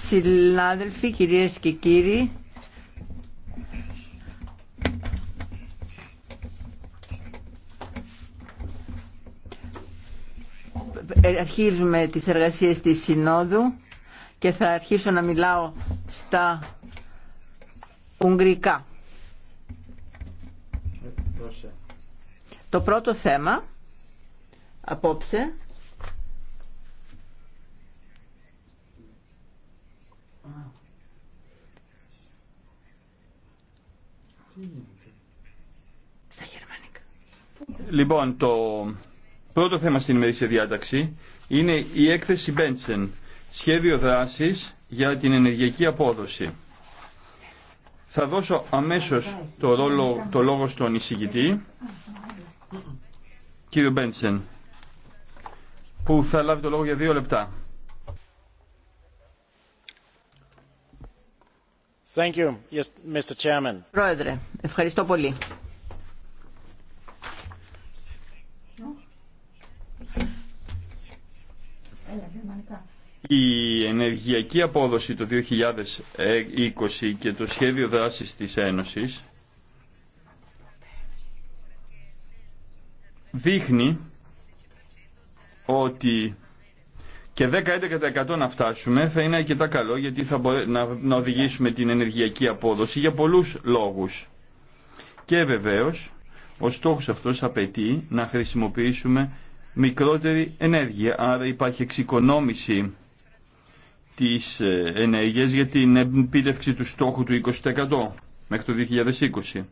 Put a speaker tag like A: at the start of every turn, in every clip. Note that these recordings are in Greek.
A: Συνάδελφοι, κυρίες και κύριοι, αρχίζουμε τις εργασίες της Συνόδου και θα αρχίσω να μιλάω στα Ουγγρικά. Το πρώτο θέμα απόψε
B: Λοιπόν, το πρώτο θέμα στην ημερήσια διάταξη είναι η έκθεση Μπέντσεν, σχέδιο δράσης για την ενεργειακή απόδοση. Θα δώσω αμέσως το, ρόλο, το λόγο στον εισηγητή, κύριο Μπέντσεν,
C: που θα λάβει το λόγο για δύο λεπτά. Thank Πρόεδρε, ευχαριστώ πολύ.
B: Η ενεργειακή απόδοση το 2020 και το σχέδιο δράσης της Ένωσης δείχνει ότι και 10-11% να φτάσουμε θα είναι αρκετά καλό γιατί θα μπορέσουμε να... να οδηγήσουμε την ενεργειακή απόδοση για πολλούς λόγους. Και βεβαίως ο στόχος αυτός απαιτεί να χρησιμοποιήσουμε μικρότερη ενέργεια. Άρα υπάρχει εξοικονόμηση τις ε, ενέργειες για την επίτευξη του στόχου του 20% μέχρι το 2020.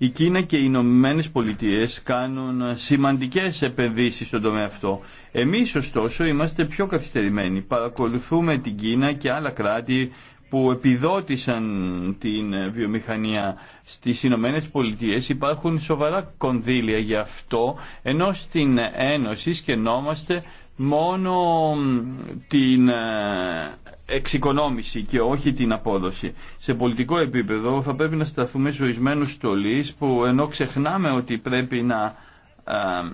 B: Η Κίνα και οι Ηνωμένε Πολιτείε κάνουν σημαντικές επενδύσεις στον τομέα αυτό. Εμείς ωστόσο είμαστε πιο καθυστερημένοι. Παρακολουθούμε την Κίνα και άλλα κράτη που επιδότησαν την βιομηχανία στις Ηνωμένε Πολιτείε, υπάρχουν σοβαρά κονδύλια για αυτό ενώ στην Ένωση σκενόμαστε μόνο την ε, εξοικονόμηση και όχι την απόδοση. Σε πολιτικό επίπεδο θα πρέπει να σταθούμε σε ορισμένους στολείς που ενώ ξεχνάμε ότι πρέπει να ε,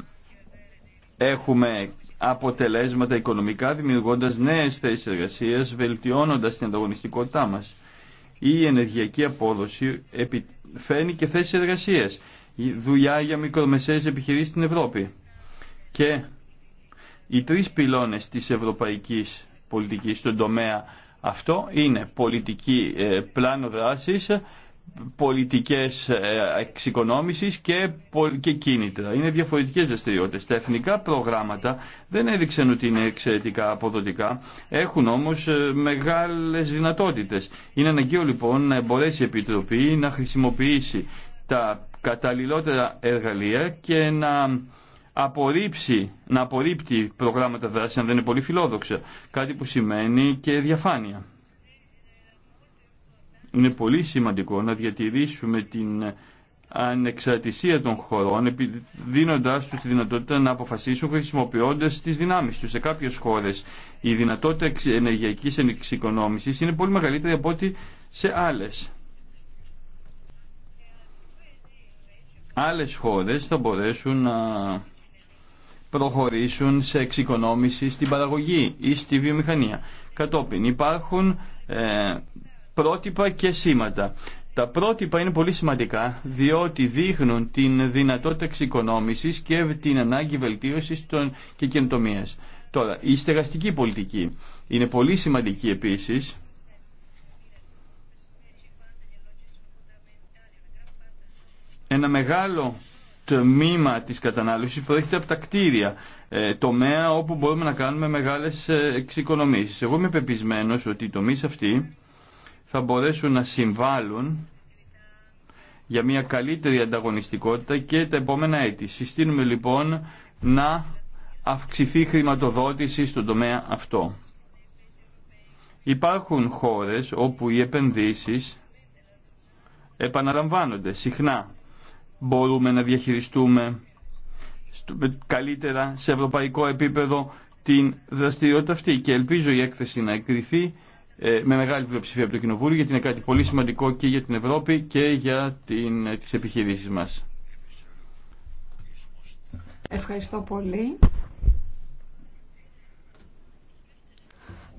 B: έχουμε αποτελέσματα οικονομικά δημιουργώντας νέες θέσεις εργασίας, βελτιώνοντας την ανταγωνιστικότητά μας. Η ενεργειακή απόδοση φέρνει και θέσεις εργασίας, δουλειά για μικρομεσαίες επιχειρήσεις στην Ευρώπη. Οι τρεις πυλώνες της ευρωπαϊκής πολιτικής στον τομέα αυτό είναι πολιτική ε, πλάνο δράσης, πολιτικές ε, εξοικονόμησης και, και κίνητρα. Είναι διαφορετικές δραστηριότητε. Τα εθνικά προγράμματα δεν έδειξαν ότι είναι εξαιρετικά αποδοτικά, έχουν όμως ε, μεγάλες δυνατότητες. Είναι αναγκαίο λοιπόν να μπορέσει η Επιτροπή να χρησιμοποιήσει τα καταλληλότερα εργαλεία και να απορρίψει, να απορρίπτει προγράμματα δράση αν δεν είναι πολύ φιλόδοξα. Κάτι που σημαίνει και διαφάνεια. Είναι πολύ σημαντικό να διατηρήσουμε την ανεξαρτησία των χωρών δίνοντάς τους τη δυνατότητα να αποφασίσουν χρησιμοποιώντας τις δυνάμεις τους. Σε κάποιες χώρες η δυνατότητα ενεργειακής εξοικονόμησης είναι πολύ μεγαλύτερη από ό,τι σε άλλες. Άλλες χώρες θα μπορέσουν να προχωρήσουν σε εξοικονόμηση στην παραγωγή ή στη βιομηχανία. Κατόπιν υπάρχουν ε, πρότυπα και σήματα. Τα πρότυπα είναι πολύ σημαντικά διότι δείχνουν την δυνατότητα εξοικονόμησης και την ανάγκη βελτίωσης των και καινοτομίας. Τώρα, η στεγαστική πολιτική είναι πολύ σημαντική επίσης ένα μεγάλο το τμήμα της κατανάλωσης προέρχεται από τα κτίρια, ε, τομέα όπου μπορούμε να κάνουμε μεγάλες ε, εξοικονομήσεις. Εγώ είμαι πεπισμένος ότι οι τομείς αυτοί θα μπορέσουν να συμβάλλουν για μια καλύτερη ανταγωνιστικότητα και τα επόμενα έτη. Συστήνουμε λοιπόν να αυξηθεί η χρηματοδότηση στον τομέα αυτό. Υπάρχουν χώρες όπου οι επενδύσεις επαναλαμβάνονται συχνά μπορούμε να διαχειριστούμε καλύτερα σε ευρωπαϊκό επίπεδο την δραστηριότητα αυτή και ελπίζω η έκθεση να εκκληθεί ε, με μεγάλη πλειοψηφία από το Κοινοβούλιο γιατί είναι κάτι πολύ σημαντικό και για την Ευρώπη και για την, ε, τις επιχειρήσεις μας.
D: Ευχαριστώ πολύ.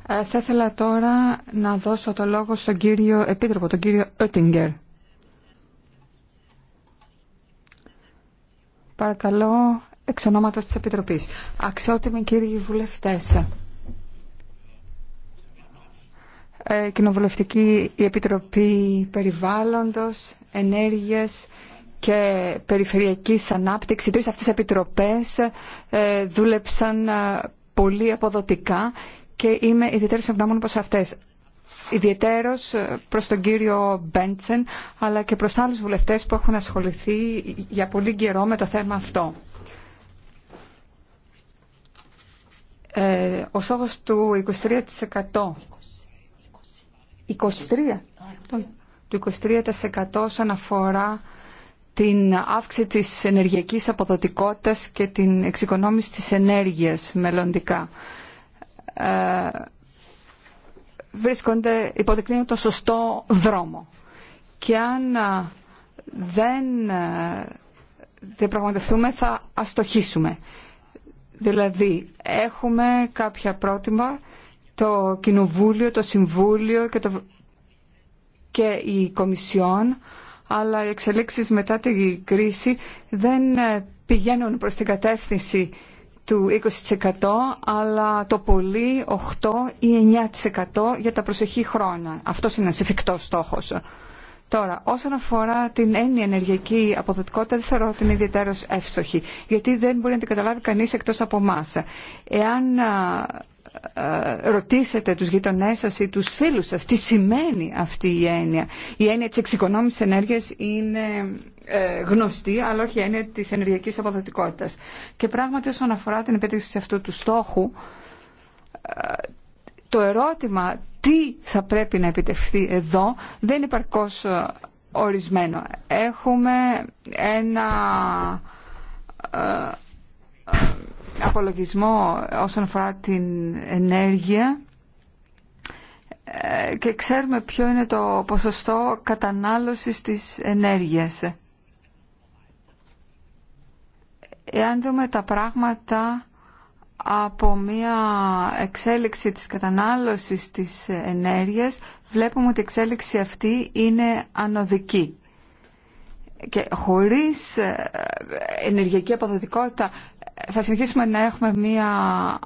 D: Ε, θα ήθελα τώρα να δώσω το λόγο στον κύριο Επίτροπο, τον κύριο Ότιγκερ. Παρακαλώ, εξ ονόματος της Επιτροπής. Αξιότιμοι κύριοι βουλευτές, ε, Κοινοβουλευτική Επιτροπή Περιβάλλοντος, Ενέργειας και Περιφερειακής Ανάπτυξης, τρεις αυτές επιτροπές ε, δούλεψαν ε, πολύ αποδοτικά και είμαι ιδιαίτερη ευγνώμων πως αυτές ιδιαιτέρως ε, προς τον κύριο Μπέντσεν αλλά και προς άλλους βουλευτές που έχουν ασχοληθεί για πολύ καιρό με το θέμα αυτό. Ε, ο στόχος του 23% 23% του 23% όσον αφορά την αύξηση της ενεργειακής αποδοτικότητας και την εξοικονόμηση της ενέργειας μελλοντικά. Ε, βρίσκονται, υποδεικνύουν το σωστό δρόμο. Και αν ε, δεν ε, διαπραγματευτούμε θα αστοχήσουμε. Δηλαδή έχουμε κάποια πρότυπα, το Κοινοβούλιο, το Συμβούλιο και, το... και η Κομισιόν, αλλά οι εξελίξεις μετά την κρίση δεν ε, πηγαίνουν προς την κατεύθυνση του 20% αλλά το πολύ 8 ή 9% για τα προσεχή χρόνια. Αυτό είναι ένας εφικτός στόχος. Τώρα, όσον αφορά την έννοια ενεργειακή αποδοτικότητα, δεν θεωρώ ότι είναι ιδιαίτερα εύστοχη, γιατί δεν μπορεί να την καταλάβει κανεί εκτό από εμά. Εάν ρωτήσετε τους γειτονέ σας ή τους φίλους σας τι σημαίνει αυτή η έννοια. Η έννοια τη εξοικονόμηση ενέργεια είναι ε, γνωστή, αλλά όχι έννοια της ενεργειακής αποδοτικότητα. Και πράγματι όσον αφορά την επίτευξη αυτού του στόχου, ε, το ερώτημα τι θα πρέπει να επιτευχθεί εδώ δεν είναι παρκώς ε, ορισμένο. Έχουμε ένα απολογισμό όσον αφορά την ενέργεια και ξέρουμε ποιο είναι το ποσοστό κατανάλωσης της ενέργειας εάν δούμε τα πράγματα από μια εξέλιξη της κατανάλωσης της ενέργειας βλέπουμε ότι η εξέλιξη αυτή είναι ανωδική και χωρίς ε, ενεργειακή αποδοτικότητα θα συνεχίσουμε να έχουμε μία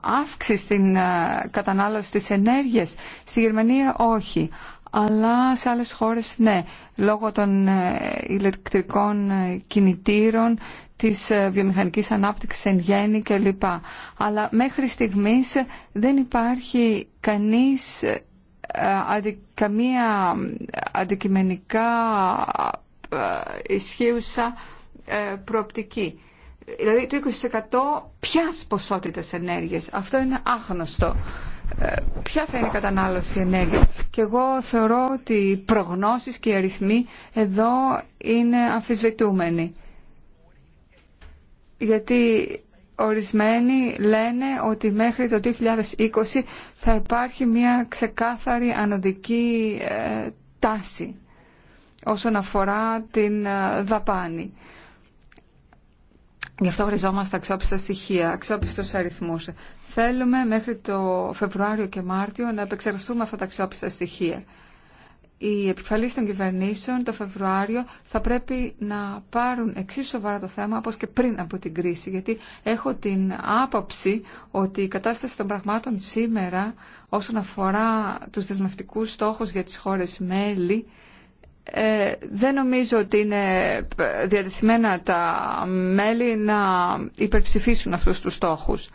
D: αύξηση στην ε, κατανάλωση της ενέργειας. Στη Γερμανία όχι αλλά σε άλλες χώρες ναι, λόγω των ε, ηλεκτρικών ε, κινητήρων, της ε, βιομηχανικής ανάπτυξης εν γέννη κλπ. Αλλά μέχρι στιγμής δεν υπάρχει κανείς καμία αντικειμενικά ισχύουσα προοπτική. Δηλαδή το 20% ποιας ποσότητας ενέργειας. Αυτό είναι άγνωστο. Ποια θα είναι η κατανάλωση ενέργειας. Και εγώ θεωρώ ότι οι προγνώσεις και οι αριθμοί εδώ είναι αμφισβητούμενοι. Γιατί ορισμένοι λένε ότι μέχρι το 2020 θα υπάρχει μια ξεκάθαρη ανωδική ε, τάση όσον αφορά την ε, δαπάνη. Γι' αυτό χρειαζόμαστε αξιόπιστα στοιχεία, αξιόπιστου αριθμού. Θέλουμε μέχρι το Φεβρουάριο και Μάρτιο να επεξεργαστούμε αυτά τα αξιόπιστα στοιχεία. Οι επικεφαλεί των κυβερνήσεων το Φεβρουάριο θα πρέπει να πάρουν εξίσου σοβαρά το θέμα όπως και πριν από την κρίση. Γιατί έχω την άποψη ότι η κατάσταση των πραγμάτων σήμερα όσον αφορά του δεσμευτικού στόχου για τι χώρε μέλη ε, δεν νομίζω ότι είναι διατεθειμένα τα μέλη να υπερψηφίσουν αυτούς τους στόχους.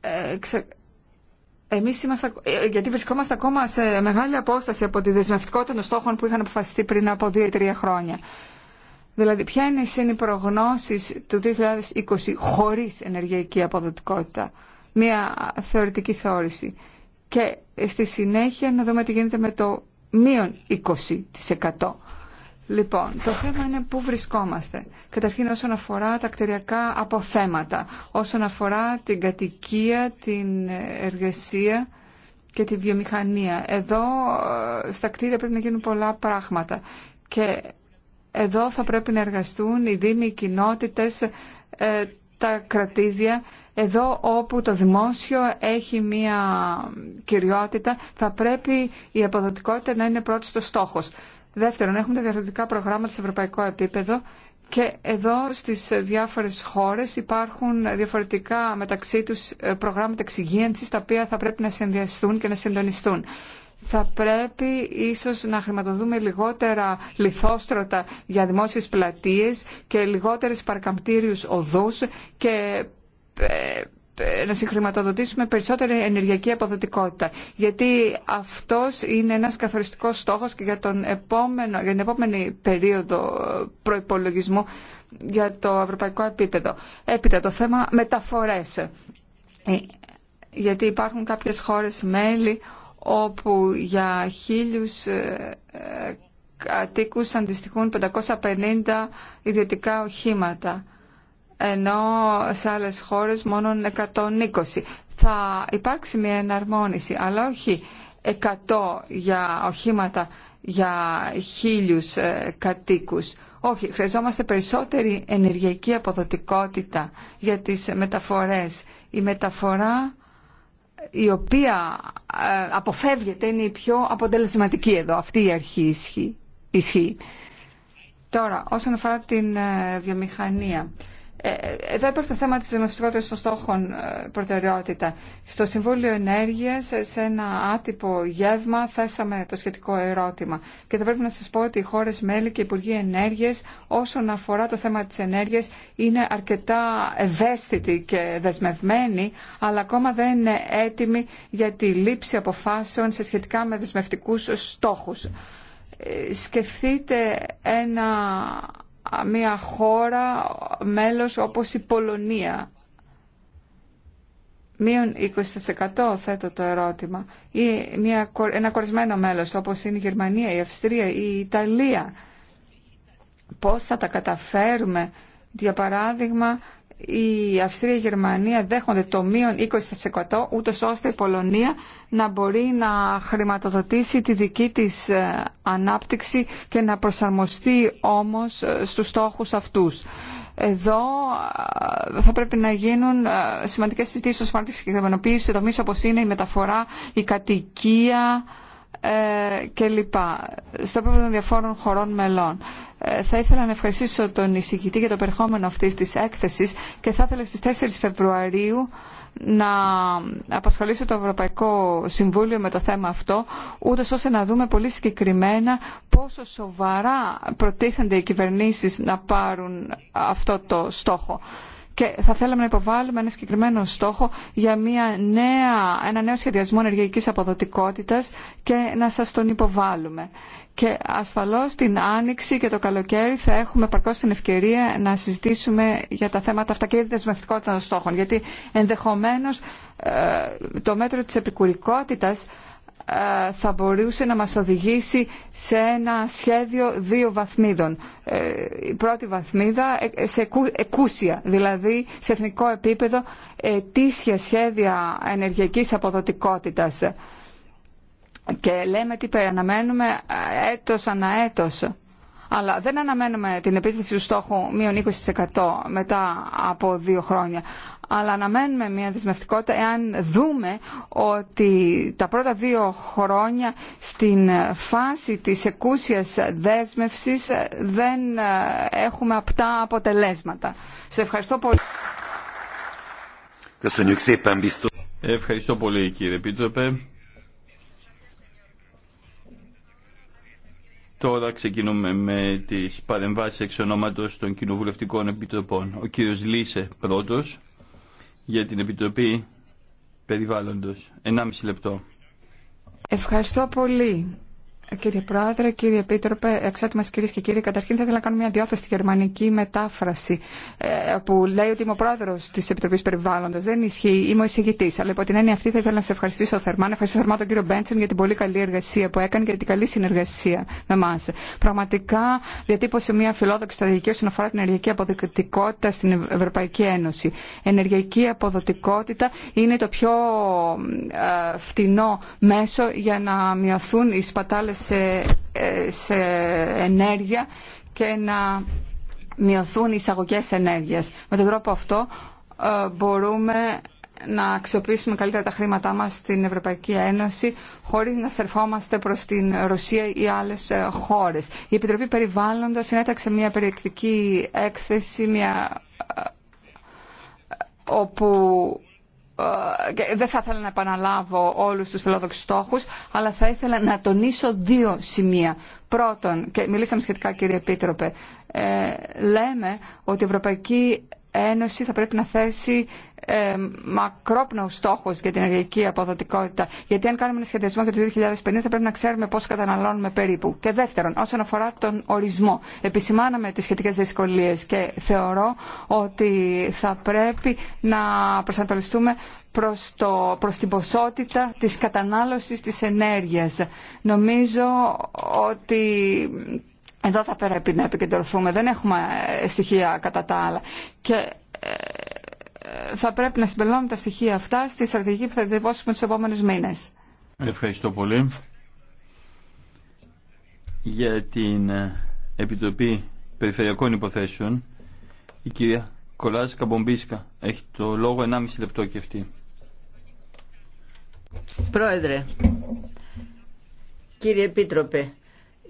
D: Ε, Εμείς είμαστε, ε, γιατί βρισκόμαστε ακόμα σε μεγάλη απόσταση από τη δεσμευτικότητα των στόχων που είχαν αποφασιστεί πριν από δύο ή τρία χρόνια. Δηλαδή, ποια είναι η συνυπρογνώση του 2020 χωρίς ενεργειακή αποδοτικότητα. Μία θεωρητική θεώρηση και στη συνέχεια να δούμε τι γίνεται με το μείον 20%. Λοιπόν, το θέμα είναι πού βρισκόμαστε. Καταρχήν όσον αφορά τα κτηριακά αποθέματα, όσον αφορά την κατοικία, την εργασία και τη βιομηχανία. Εδώ ε, στα κτίρια πρέπει να γίνουν πολλά πράγματα και εδώ θα πρέπει να εργαστούν οι δήμοι, οι κοινότητες, ε, τα κρατήδια εδώ όπου το δημόσιο έχει μία κυριότητα θα πρέπει η αποδοτικότητα να είναι πρώτη στο στόχος. Δεύτερον, έχουμε τα διαφορετικά προγράμματα σε ευρωπαϊκό επίπεδο και εδώ στις διάφορες χώρες υπάρχουν διαφορετικά μεταξύ τους ε, προγράμματα εξυγίανσης τα οποία θα πρέπει να συνδυαστούν και να συντονιστούν θα πρέπει ίσως να χρηματοδούμε λιγότερα λιθόστρωτα για δημόσιες πλατείες και λιγότερες παρκαμπτήριους οδούς και ε, ε, να συγχρηματοδοτήσουμε περισσότερη ενεργειακή αποδοτικότητα. Γιατί αυτός είναι ένας καθοριστικός στόχος και για, τον επόμενο, για την επόμενη περίοδο προϋπολογισμού για το ευρωπαϊκό επίπεδο. Έπειτα το θέμα μεταφορές. Ε, γιατί υπάρχουν κάποιες χώρες μέλη όπου για χίλιους ε, ε, κατοίκους αντιστοιχούν 550 ιδιωτικά οχήματα ενώ σε άλλες χώρες μόνο 120. Θα υπάρξει μια εναρμόνιση, αλλά όχι 100 για οχήματα για χίλιους ε, κατοίκους. Όχι, χρειαζόμαστε περισσότερη ενεργειακή αποδοτικότητα για τις μεταφορές. Η μεταφορά η οποία ε, αποφεύγεται είναι η πιο αποτελεσματική εδώ. Αυτή η αρχή ισχύει. Τώρα, όσον αφορά την ε, βιομηχανία. Ε, εδώ υπάρχει το θέμα της δημοσιογότητας των στόχων ε, προτεραιότητα. Στο Συμβούλιο Ενέργειας, ε, σε ένα άτυπο γεύμα, θέσαμε το σχετικό ερώτημα. Και θα πρέπει να σας πω ότι οι χώρες μέλη και οι Υπουργοί Ενέργειας, όσον αφορά το θέμα της ενέργειας, είναι αρκετά ευαίσθητοι και δεσμευμένοι, αλλά ακόμα δεν είναι έτοιμοι για τη λήψη αποφάσεων σε σχετικά με δεσμευτικούς στόχους. Σκεφτείτε ένα μια χώρα μέλος όπως η Πολωνία. Μείον 20% θέτω το ερώτημα. Ή μια, ένα κορισμένο μέλος όπως είναι η Γερμανία, η Αυστρία, η Ιταλία. Πώς θα τα καταφέρουμε, για παράδειγμα, η Αυστρία και η Γερμανία δέχονται το μείον 20% ούτως ώστε η Πολωνία να μπορεί να χρηματοδοτήσει τη δική της ε, ανάπτυξη και να προσαρμοστεί όμως ε, στους στόχους αυτούς. Εδώ ε, θα πρέπει να γίνουν σημαντικές συζητήσεις ως φορά συγκεκριμενοποίηση σε όπως είναι η μεταφορά, η κατοικία, ε, και στο επίπεδο των διαφόρων χωρών μελών. Ε, θα ήθελα να ευχαριστήσω τον εισηγητή για το περιεχόμενο αυτής της έκθεσης και θα ήθελα στις 4 Φεβρουαρίου να απασχολήσω το Ευρωπαϊκό Συμβούλιο με το θέμα αυτό, ούτω ώστε να δούμε πολύ συγκεκριμένα πόσο σοβαρά προτίθενται οι κυβερνήσεις να πάρουν αυτό το στόχο και θα θέλαμε να υποβάλουμε ένα συγκεκριμένο στόχο για μια νέα, ένα νέο σχεδιασμό ενεργειακής αποδοτικότητας και να σας τον υποβάλουμε. Και ασφαλώς την Άνοιξη και το καλοκαίρι θα έχουμε παρκώς την ευκαιρία να συζητήσουμε για τα θέματα αυτά και η δεσμευτικότητα των στόχων. Γιατί ενδεχομένως ε, το μέτρο της επικουρικότητας ε, θα μπορούσε να μας οδηγήσει σε ένα σχέδιο δύο βαθμίδων. Ε, η πρώτη βαθμίδα ε, σε εκούσια, δηλαδή σε εθνικό επίπεδο ετήσια σχέδια ενεργειακής αποδοτικότητας. Και λέμε τι περιαναμένουμε έτος ανά έτος. Αλλά δεν αναμένουμε την επίθεση του στόχου μείον 20% μετά από δύο χρόνια αλλά αναμένουμε μια δεσμευτικότητα εάν δούμε ότι τα πρώτα δύο χρόνια στην φάση της εκούσιας δέσμευσης δεν έχουμε απτά αποτελέσματα. Σε ευχαριστώ πολύ.
B: Ευχαριστώ πολύ κύριε Πίτροπε. Τώρα ξεκινούμε με τις παρεμβάσεις εξ ονόματος των κοινοβουλευτικών επιτροπών. Ο κύριος Λίσε πρώτος για την Επιτροπή Περιβάλλοντος. 1,5 λεπτό.
D: Ευχαριστώ πολύ. Κύριε Πρόεδρε, κύριε Επίτροπε, μας κυρίε και κύριοι, καταρχήν θα ήθελα να κάνω μια διάθεση στη γερμανική μετάφραση ε, που λέει ότι είμαι ο πρόεδρο τη Επιτροπή Περιβάλλοντο. Δεν ισχύει, είμαι ο εισηγητή. Αλλά υπό την έννοια αυτή θα ήθελα να σε ευχαριστήσω θερμά, να ευχαριστήσω θερμά τον κύριο Μπέντσεν για την πολύ καλή εργασία που έκανε και για την καλή συνεργασία με εμά. Πραγματικά διατύπωσε μια φιλόδοξη στρατηγική όσον αφορά την ενεργειακή αποδοτικότητα στην Ευρωπαϊκή Ένωση. Ενεργειακή αποδοτικότητα είναι το πιο ε, φτηνό μέσο για να μειωθούν οι σπατάλε ε, σε, ενέργεια και να μειωθούν οι εισαγωγές ενέργειας. Με τον τρόπο αυτό ε, μπορούμε να αξιοποιήσουμε καλύτερα τα χρήματά μας στην Ευρωπαϊκή Ένωση χωρίς να στερφόμαστε προς την Ρωσία ή άλλες ε, χώρες. Η Επιτροπή Περιβάλλοντος συνέταξε μια περιεκτική έκθεση μια... όπου ε, δεν θα ήθελα να επαναλάβω όλους τους φιλόδοξους στόχους, αλλά θα ήθελα να τονίσω δύο σημεία. Πρώτον, και μιλήσαμε σχετικά κύριε Επίτροπε, ε, λέμε ότι η Ευρωπαϊκή Ένωση θα πρέπει να θέσει ε, μακρόπνοους στόχους για την ενεργειακή αποδοτικότητα. Γιατί αν κάνουμε ένα σχεδιασμό για το 2050 θα πρέπει να ξέρουμε πώς καταναλώνουμε περίπου. Και δεύτερον, όσον αφορά τον ορισμό. Επισημάναμε τις σχετικές δυσκολίες και θεωρώ ότι θα πρέπει να προσανατολιστούμε προς, το, προς την ποσότητα της κατανάλωσης της ενέργειας. Νομίζω ότι εδώ θα πρέπει να επικεντρωθούμε. Δεν έχουμε ε, στοιχεία κατά τα άλλα. Και ε, θα πρέπει να συμπεριλάβουμε τα στοιχεία αυτά στη στρατηγική που θα διαβάσουμε τους επόμενους μήνες.
B: Ευχαριστώ πολύ για την ε, Επιτροπή Περιφερειακών Υποθέσεων. Η κυρία Κολάζ Καμπομπίσκα έχει το λόγο 1,5 λεπτό και αυτή.
A: Πρόεδρε, κύριε Επίτροπε,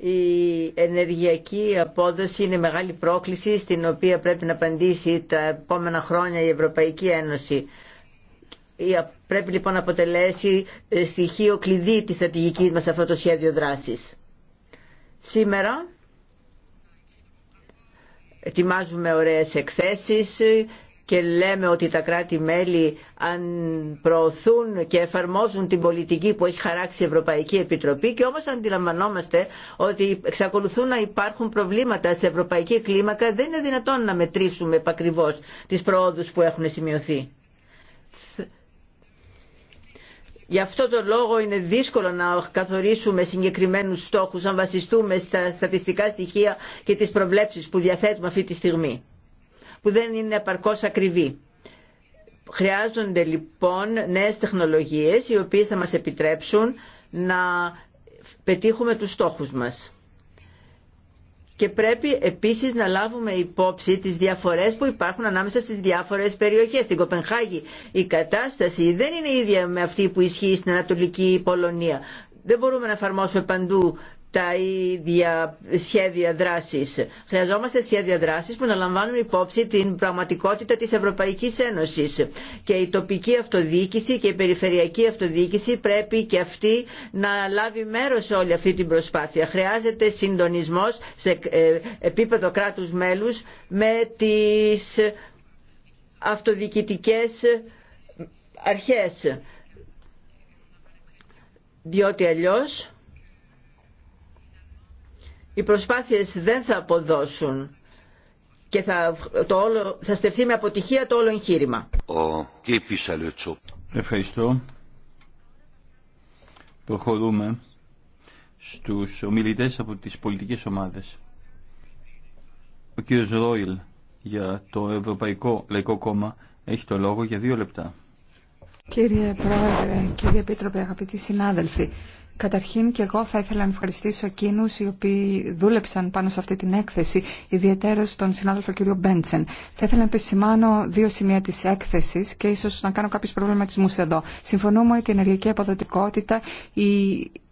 A: η ενεργειακή απόδοση είναι μεγάλη πρόκληση στην οποία πρέπει να απαντήσει τα επόμενα χρόνια η Ευρωπαϊκή Ένωση. Πρέπει λοιπόν να αποτελέσει ε, στοιχείο κλειδί της στρατηγικής μας αυτό το σχέδιο δράσης. Σήμερα ετοιμάζουμε ωραίες εκθέσεις και λέμε ότι τα κράτη-μέλη αν προωθούν και εφαρμόζουν την πολιτική που έχει χαράξει η Ευρωπαϊκή Επιτροπή και όμως αντιλαμβανόμαστε ότι εξακολουθούν να υπάρχουν προβλήματα σε ευρωπαϊκή κλίμακα δεν είναι δυνατόν να μετρήσουμε επακριβώς τις προόδους που έχουν σημειωθεί. Γι' αυτό το λόγο είναι δύσκολο να καθορίσουμε συγκεκριμένους στόχους αν βασιστούμε στα στατιστικά στοιχεία και τις προβλέψεις που διαθέτουμε αυτή τη στιγμή που δεν είναι επαρκώς ακριβή. Χρειάζονται λοιπόν νέες τεχνολογίες οι οποίες θα μας επιτρέψουν να πετύχουμε τους στόχους μας. Και πρέπει επίσης να λάβουμε υπόψη τις διαφορές που υπάρχουν ανάμεσα στις διάφορες περιοχές. Στην Κοπενχάγη η κατάσταση δεν είναι ίδια με αυτή που ισχύει στην Ανατολική Πολωνία. Δεν μπορούμε να εφαρμόσουμε παντού τα ίδια σχέδια δράσης. Χρειαζόμαστε σχέδια δράσης που να λαμβάνουν υπόψη την πραγματικότητα της Ευρωπαϊκής Ένωσης και η τοπική αυτοδιοίκηση και η περιφερειακή αυτοδιοίκηση πρέπει και αυτή να λάβει μέρος σε όλη αυτή την προσπάθεια. Χρειάζεται συντονισμός σε ε, επίπεδο κράτους μέλους με τις αυτοδιοικητικές αρχές διότι αλλιώς οι προσπάθειες δεν θα αποδώσουν και θα, το όλο, θα στεφθεί με αποτυχία το όλο εγχείρημα.
B: Ευχαριστώ. Προχωρούμε στους ομιλητές από τις πολιτικές ομάδες. Ο κύριος Ρόιλ για το Ευρωπαϊκό Λαϊκό Κόμμα έχει το λόγο για δύο λεπτά.
D: Κύριε Πρόεδρε, κύριε Επίτροπε, αγαπητοί συνάδελφοι, Καταρχήν και εγώ θα ήθελα να ευχαριστήσω εκείνου οι οποίοι δούλεψαν πάνω σε αυτή την έκθεση, ιδιαίτερα τον συνάδελφο κ. Μπέντσεν. Θα ήθελα να επισημάνω δύο σημεία τη έκθεση, και ίσω να κάνω κάποιου προβληματισμού εδώ. Συμφωνούμε ότι η ενεργειακή αποδοτικότητα, η,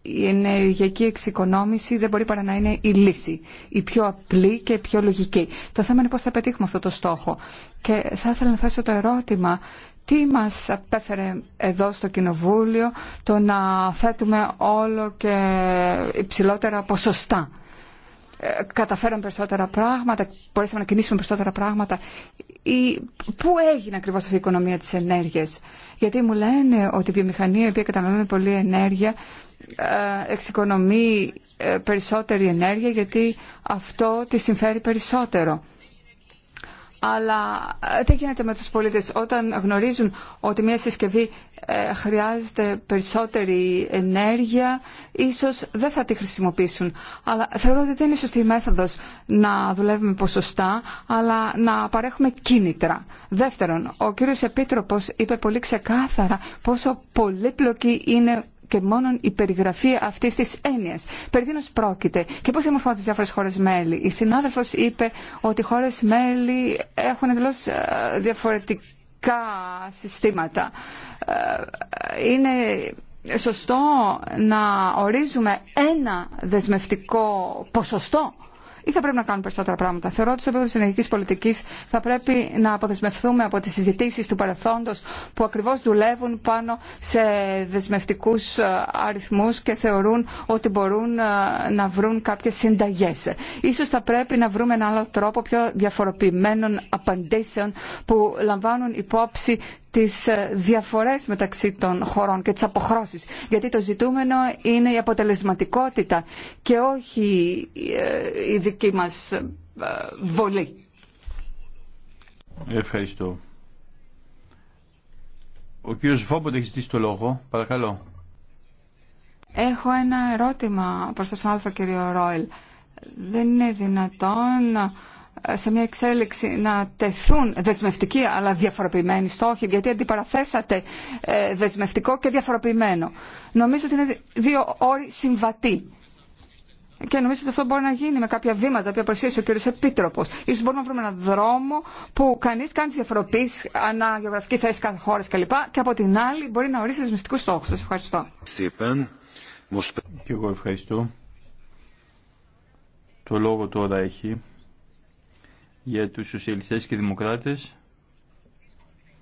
D: η ενεργειακή εξοικονόμηση δεν μπορεί παρά να είναι η λύση, η πιο απλή και η πιο λογική. Το θέμα είναι πώς θα πετύχουμε αυτό το στόχο. Και θα ήθελα να θέσω το ερώτημα τι μας απέφερε εδώ στο Κοινοβούλιο το να θέτουμε όλο και υψηλότερα ποσοστά. Ε, καταφέραμε περισσότερα πράγματα, μπορέσαμε να κινήσουμε περισσότερα πράγματα. Ή, πού έγινε ακριβώς αυτή η οικονομία της ενέργειας. Γιατί μου λένε ότι η βιομηχανία η οποία καταναλώνει πολλή ενέργεια ε, εξοικονομεί ε, περισσότερη ενέργεια γιατί αυτό τη συμφέρει περισσότερο αλλά ε, τι γίνεται με τους πολίτες όταν γνωρίζουν ότι μια συσκευή ε, χρειάζεται περισσότερη ενέργεια, ίσως δεν θα τη χρησιμοποιήσουν. Αλλά θεωρώ ότι δεν είναι σωστή η μέθοδος να δουλεύουμε ποσοστά, αλλά να παρέχουμε κίνητρα. Δεύτερον, ο κύριος Επίτροπος είπε πολύ ξεκάθαρα πόσο πολύπλοκη είναι και μόνο η περιγραφή αυτή τη έννοια. Περί τίνο πρόκειται και πώ διαμορφώνονται τι διάφορε χώρε μέλη. Η συνάδελφο είπε ότι οι χώρε μέλη έχουν εντελώ ε, διαφορετικά συστήματα. Ε, είναι σωστό να ορίζουμε ένα δεσμευτικό ποσοστό ή θα πρέπει να κάνουν περισσότερα πράγματα. Θεωρώ ότι σε επίπεδο τη πολιτική θα πρέπει να αποδεσμευθούμε από τι συζητήσει του παρελθόντο που ακριβώ δουλεύουν πάνω σε δεσμευτικού ε, αριθμού και θεωρούν ότι μπορούν ε, να βρουν κάποιε συνταγέ. σω θα πρέπει να βρούμε έναν άλλο τρόπο πιο διαφοροποιημένων απαντήσεων που λαμβάνουν υπόψη τις ε, διαφορές μεταξύ των χωρών και τις αποχρώσεις. Γιατί το ζητούμενο είναι η αποτελεσματικότητα και όχι ε, η δική μας ε, βολή.
B: Ευχαριστώ. Ο κύριος Βόμποντ έχει ζητήσει το λόγο. Παρακαλώ.
D: Έχω ένα ερώτημα προς τον Σανάλφα κύριο Ρόιλ. Δεν είναι δυνατόν σε μια εξέλιξη να τεθούν δεσμευτικοί αλλά διαφοροποιημένοι στόχοι, γιατί αντιπαραθέσατε ε, δεσμευτικό και διαφοροποιημένο. Νομίζω ότι είναι δύο όροι συμβατοί. Και νομίζω ότι αυτό μπορεί να γίνει με κάποια βήματα που προσθέσει ο κ. Επίτροπο. σω μπορούμε να βρούμε έναν δρόμο που κανεί κάνει τι διαφοροποίησει ανά γεωγραφική θέση κάθε χώρα κλπ. Και, από την άλλη μπορεί να ορίσει δεσμευτικού στόχου. Σα ευχαριστώ.
B: Και εγώ ευχαριστώ. Το λόγο τώρα έχει για τους σοσιαλιστές και δημοκράτες.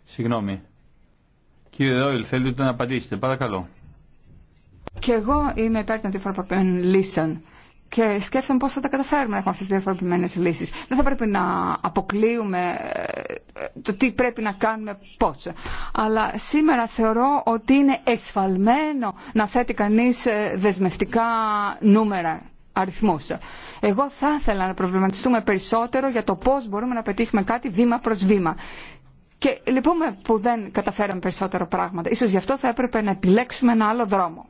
B: Συγγνώμη. Κύριε Ρόιλ, θέλετε να απαντήσετε. Παρακαλώ.
D: Και εγώ είμαι υπέρ των διαφοροποιημένων λύσεων και σκέφτομαι πώς θα τα καταφέρουμε να έχουμε αυτές τις διαφοροποιημένες λύσεις. Δεν θα πρέπει να αποκλείουμε ε, το τι πρέπει να κάνουμε πώς. Αλλά σήμερα θεωρώ ότι είναι εσφαλμένο να θέτει κανείς ε, δεσμευτικά νούμερα αριθμούς. Εγώ θα ήθελα να προβληματιστούμε περισσότερο για το πώς μπορούμε να πετύχουμε κάτι βήμα προς βήμα. Και λυπούμε που δεν καταφέραμε περισσότερα πράγματα. Ίσως γι' αυτό θα έπρεπε να επιλέξουμε ένα άλλο δρόμο.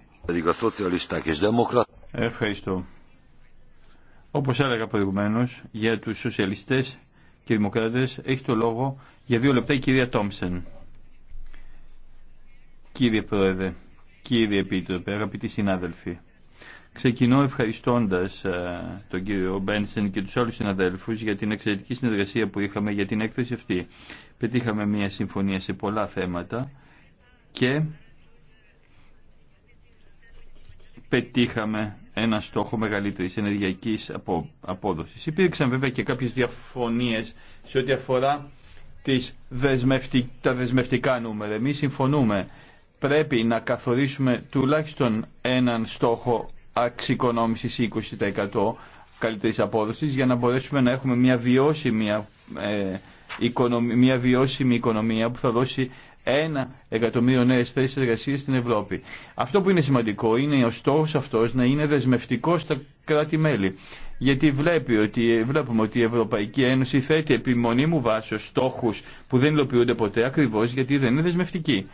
B: Ευχαριστώ. Όπως έλεγα προηγουμένω για τους σοσιαλιστές και δημοκράτες έχει το λόγο για δύο λεπτά η κυρία Τόμσεν. Κύριε Πρόεδρε, κύριε Επίτροπε, αγαπητοί συνάδελφοι, Ξεκινώ ευχαριστώντας ε, τον κύριο Μπένσεν και τους άλλους συναδέλφους για την εξαιρετική συνεργασία που είχαμε για την έκθεση αυτή. Πετύχαμε μια συμφωνία σε πολλά θέματα και πετύχαμε ένα στόχο μεγαλύτερης ενεργειακής απόδοσης. Υπήρξαν βέβαια και κάποιες διαφωνίες σε ό,τι αφορά τις τα δεσμευτικά νούμερα. Εμείς συμφωνούμε πρέπει να καθορίσουμε τουλάχιστον έναν στόχο αξικονόμησης 20% καλύτερης απόδοσης για να μπορέσουμε να έχουμε μια βιώσιμη, ε, οικονομία, βιώσιμη που θα δώσει ένα εκατομμύριο νέε θέσει εργασία στην Ευρώπη. Αυτό που είναι σημαντικό είναι ο στόχο αυτός να είναι δεσμευτικό στα κράτη-μέλη. Γιατί βλέπει ότι, βλέπουμε ότι η Ευρωπαϊκή Ένωση θέτει επιμονή μου βάσεω στόχου που δεν υλοποιούνται ποτέ ακριβώ γιατί δεν είναι δεσμευτικοί.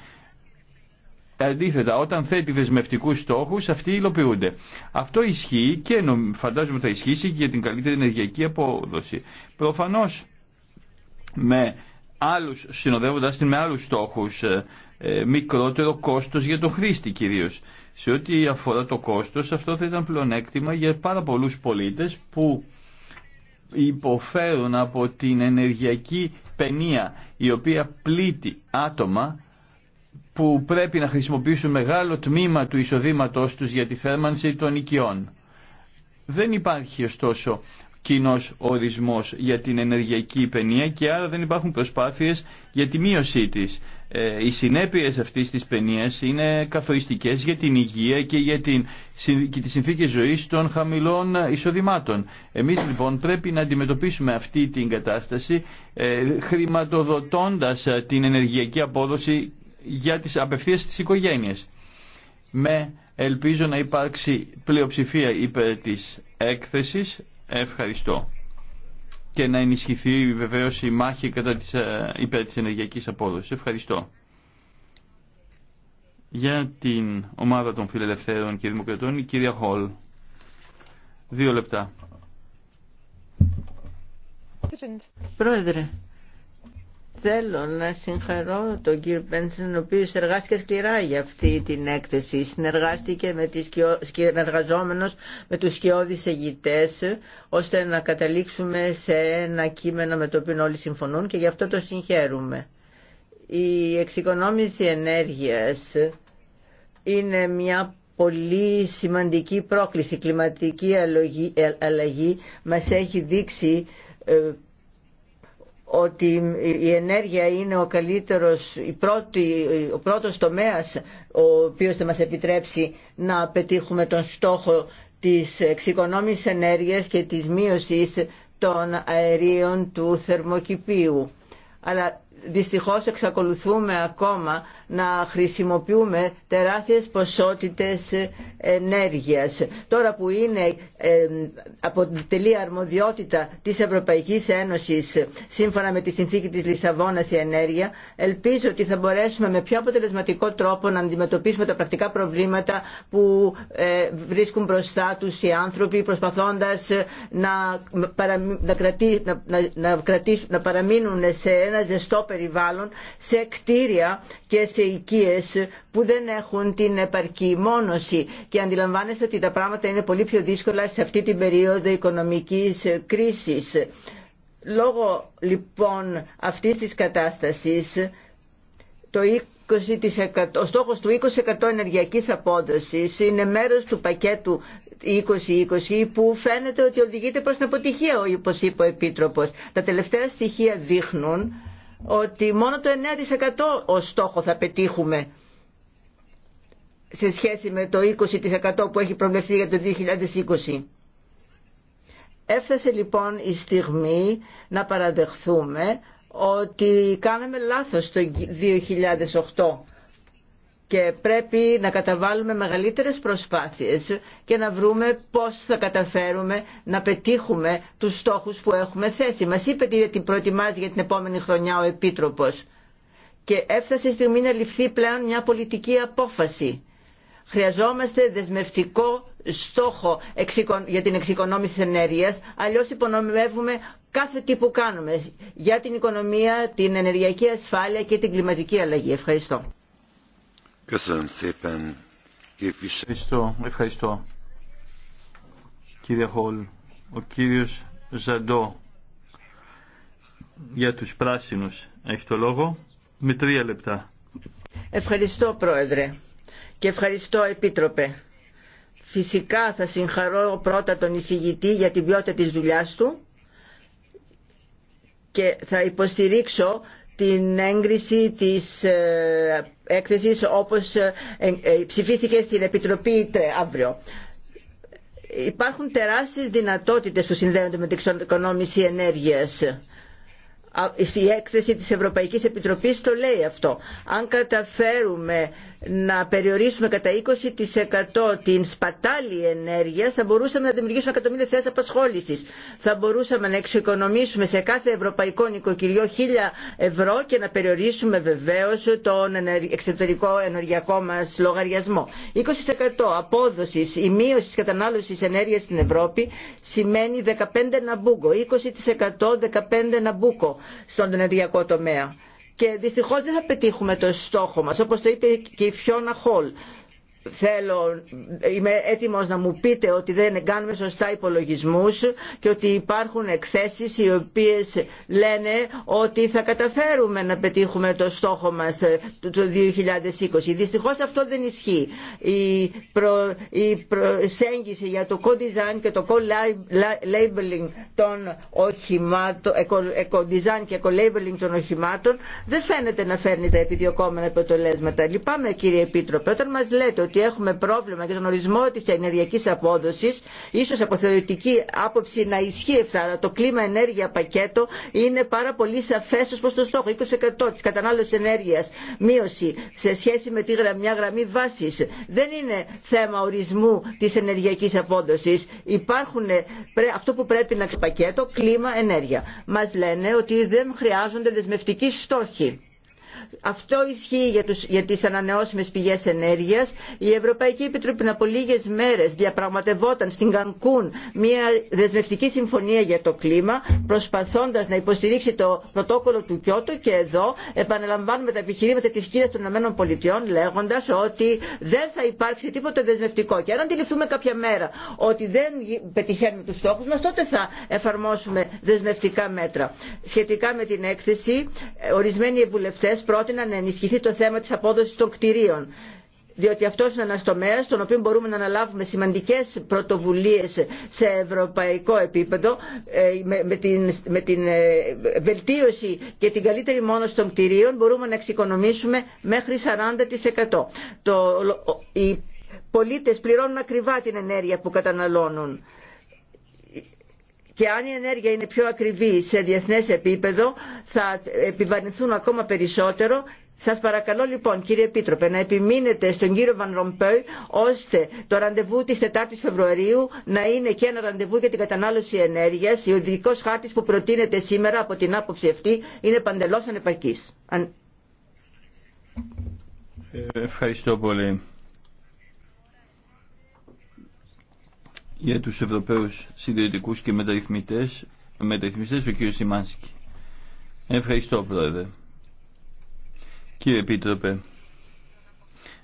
B: Αντίθετα, όταν θέτει δεσμευτικού στόχου, αυτοί υλοποιούνται. Αυτό ισχύει και φαντάζομαι θα ισχύσει και για την καλύτερη ενεργειακή απόδοση. Προφανώ με άλλους, συνοδεύοντας την με άλλους στόχους, ε, ε, μικρότερο κόστος για τον χρήστη κυρίω. Σε ό,τι αφορά το κόστος, αυτό θα ήταν πλεονέκτημα για πάρα πολλού πολίτε που υποφέρουν από την ενεργειακή παινία, η οποία πλήττει άτομα που πρέπει να χρησιμοποιήσουν μεγάλο τμήμα του εισοδήματός τους για τη θέρμανση των οικειών. Δεν υπάρχει ωστόσο κοινό ορισμός για την ενεργειακή παινία και άρα δεν υπάρχουν προσπάθειες για τη μείωσή της. Ε, οι συνέπειες αυτής της παινίας είναι καθοριστικές για την υγεία και για την, και τις συνθήκες ζωής των χαμηλών εισοδημάτων. Εμείς λοιπόν πρέπει να αντιμετωπίσουμε αυτή την κατάσταση ε, χρηματοδοτώντας ε, την ενεργειακή απόδοση για τις απευθείας της οικογένειας. Με ελπίζω να υπάρξει πλειοψηφία υπέρ της έκθεσης. Ευχαριστώ. Και να ενισχυθεί βεβαίως η μάχη κατά της, ε, υπέρ της ενεργειακής απόδοσης. Ευχαριστώ. Για την ομάδα των φιλελευθέρων και δημοκρατών, η κυρία Χολ. Δύο λεπτά.
A: Πρόεδρε, Θέλω να συγχαρώ τον κύριο Πένσεν, ο οποίο εργάστηκε σκληρά για αυτή την έκθεση. Συνεργάστηκε με τις, συνεργαζόμενος με τους σκιώδεις αιγητές, ώστε να καταλήξουμε σε ένα κείμενο με το οποίο όλοι συμφωνούν και γι' αυτό το συγχαίρουμε. Η εξοικονόμηση ενέργειας είναι μια πολύ σημαντική πρόκληση. Η κλιματική ε, αλλαγή μας έχει δείξει ε, ότι η ενέργεια είναι ο καλύτερος, η πρώτη, ο πρώτος τομέας ο οποίος θα μας επιτρέψει να πετύχουμε τον στόχο της εξοικονόμησης ενέργειας και της μείωσης των αερίων του θερμοκηπίου. Αλλά δυστυχώς εξακολουθούμε ακόμα να χρησιμοποιούμε τεράστιες ποσότητες ενέργειας. Τώρα που είναι ε, αποτελεί αρμοδιότητα της Ευρωπαϊκής Ένωσης σύμφωνα με τη συνθήκη της Λισαβόνας η ενέργεια, ελπίζω ότι θα μπορέσουμε με πιο αποτελεσματικό τρόπο να αντιμετωπίσουμε τα πρακτικά προβλήματα που ε, βρίσκουν μπροστά τους οι άνθρωποι προσπαθώντας να, να παραμείνουν σε ένα ζεστό περιβάλλον σε κτίρια και σε οικίες που δεν έχουν την επαρκή μόνωση και αντιλαμβάνεστε ότι τα πράγματα είναι πολύ πιο δύσκολα σε αυτή την περίοδο οικονομικής κρίσης. Λόγω λοιπόν αυτής της κατάστασης το 20%, ο στόχος του 20% ενεργειακής απόδοσης είναι μέρος του πακέτου 2020 που φαίνεται ότι οδηγείται προς την αποτυχία, όπως είπε ο Επίτροπος. Τα τελευταία στοιχεία δείχνουν ότι μόνο το 9% ως στόχο θα πετύχουμε σε σχέση με το 20% που έχει προβλεφθεί για το 2020. Έφτασε λοιπόν η στιγμή να παραδεχθούμε ότι κάναμε λάθος το 2008 και πρέπει να καταβάλουμε μεγαλύτερες προσπάθειες και να βρούμε πώς θα καταφέρουμε να πετύχουμε τους στόχους που έχουμε θέσει. Μας είπε τι προετοιμάζει για την επόμενη χρονιά ο Επίτροπος και έφτασε η στιγμή να ληφθεί πλέον μια πολιτική απόφαση. Χρειαζόμαστε δεσμευτικό στόχο για την εξοικονόμηση της ενέργειας, αλλιώς υπονομεύουμε κάθε τι που κάνουμε για την οικονομία, την ενεργειακή ασφάλεια και την κλιματική αλλαγή. Ευχαριστώ.
B: Ευχαριστώ, ευχαριστώ. Κύριε Χολ, ο κύριος Ζαντό για τους πράσινους έχει το λόγο με τρία λεπτά.
A: Ευχαριστώ Πρόεδρε και ευχαριστώ Επίτροπε. Φυσικά θα συγχαρώ πρώτα τον εισηγητή για την ποιότητα της δουλειάς του και θα υποστηρίξω την έγκριση της ε, έκθεση όπως ε, ε, ε, ψηφίστηκε στην Επιτροπή ΤΡΕ αύριο. Υπάρχουν τεράστιε δυνατότητε που συνδέονται με την εξοικονόμηση ενέργεια. Η έκθεση της Ευρωπαϊκής Επιτροπής το λέει αυτό. Αν καταφέρουμε να περιορίσουμε κατά 20% την σπατάλη ενέργεια θα μπορούσαμε να δημιουργήσουμε εκατομμύρια θέσεις απασχόληση. Θα μπορούσαμε να εξοικονομήσουμε σε κάθε ευρωπαϊκό νοικοκυριό 1000 ευρώ και να περιορίσουμε βεβαίω τον εξωτερικό ενεργειακό μα λογαριασμό. 20% απόδοση ή μείωση κατανάλωση ενέργεια στην Ευρώπη σημαίνει 15 ναμπούκο, 20% 15 ναμπούκο στον ενεργειακό τομέα και δυστυχώς δεν θα πετύχουμε το στόχο μας, όπως το είπε και η Φιώνα Χολ θέλω, είμαι έτοιμος να μου πείτε ότι δεν κάνουμε σωστά υπολογισμούς και ότι υπάρχουν εκθέσεις οι οποίες λένε ότι θα καταφέρουμε να πετύχουμε το στόχο μας το 2020. Δυστυχώς αυτό δεν ισχύει. Η, προ, προσέγγιση για το co-design και το co-labeling των οχημάτων, eco-design και co labeling των οχημάτων δεν φαίνεται να φέρνει τα επιδιωκόμενα αποτελέσματα. Λυπάμαι κύριε Επίτροπε, όταν μας λέτε ότι ότι έχουμε πρόβλημα για τον ορισμό της ενεργειακής απόδοσης, ίσως από θεωρητική άποψη να ισχύει αυτά, αλλά το κλίμα ενέργεια πακέτο είναι πάρα πολύ σαφές ως προς το στόχο. 20% της κατανάλωσης ενέργειας μείωση σε σχέση με τη μια γραμμή βάσης. Δεν είναι θέμα ορισμού της ενεργειακής απόδοσης. Υπάρχουν αυτό που πρέπει να ξεπακέτο, κλίμα, ενέργεια. Μας λένε ότι δεν χρειάζονται δεσμευτικοί στόχοι αυτό ισχύει για, τους, για τις ανανεώσιμες πηγές ενέργειας. Η Ευρωπαϊκή Επιτροπή από λίγες μέρες διαπραγματευόταν στην Κανκούν μια δεσμευτική συμφωνία για το κλίμα, προσπαθώντας να υποστηρίξει το πρωτόκολλο του Κιώτο και εδώ επαναλαμβάνουμε τα επιχειρήματα της Κίνας των ΗΠΑ λέγοντας ότι δεν θα υπάρξει τίποτα δεσμευτικό. Και αν αντιληφθούμε κάποια μέρα ότι δεν πετυχαίνουμε τους στόχους μας, τότε θα εφαρμόσουμε δεσμευτικά μέτρα. Σχετικά με την έκθεση, ορισμένοι βουλευτές πρότεινα να ενισχυθεί το θέμα της απόδοσης των κτηρίων διότι αυτό είναι ένα τομέα στον οποίο μπορούμε να αναλάβουμε σημαντικέ πρωτοβουλίε σε ευρωπαϊκό επίπεδο ε, με, την, με την ε, βελτίωση και την καλύτερη μόνωση των κτηρίων μπορούμε να εξοικονομήσουμε μέχρι 40%. Το, οι πολίτες πληρώνουν ακριβά την ενέργεια που καταναλώνουν και αν η ενέργεια είναι πιο ακριβή σε διεθνές επίπεδο θα επιβαρυνθούν ακόμα περισσότερο Σας παρακαλώ λοιπόν, κύριε Επίτροπε, να επιμείνετε στον κύριο Βαν Ρομπέου ώστε το ραντεβού της 4η Φεβρουαρίου να είναι και ένα ραντεβού για την κατανάλωση ενέργειας. Ο ειδικό χάρτης που προτείνεται σήμερα από την άποψη αυτή είναι παντελώ ανεπαρκής.
B: Ε, ευχαριστώ πολύ. για τους Ευρωπαίους συντηρητικούς και μεταρρυθμιστές, ο κ. Σιμάνσκι. Ευχαριστώ πρόεδρε. Κύριε Επίτροπε,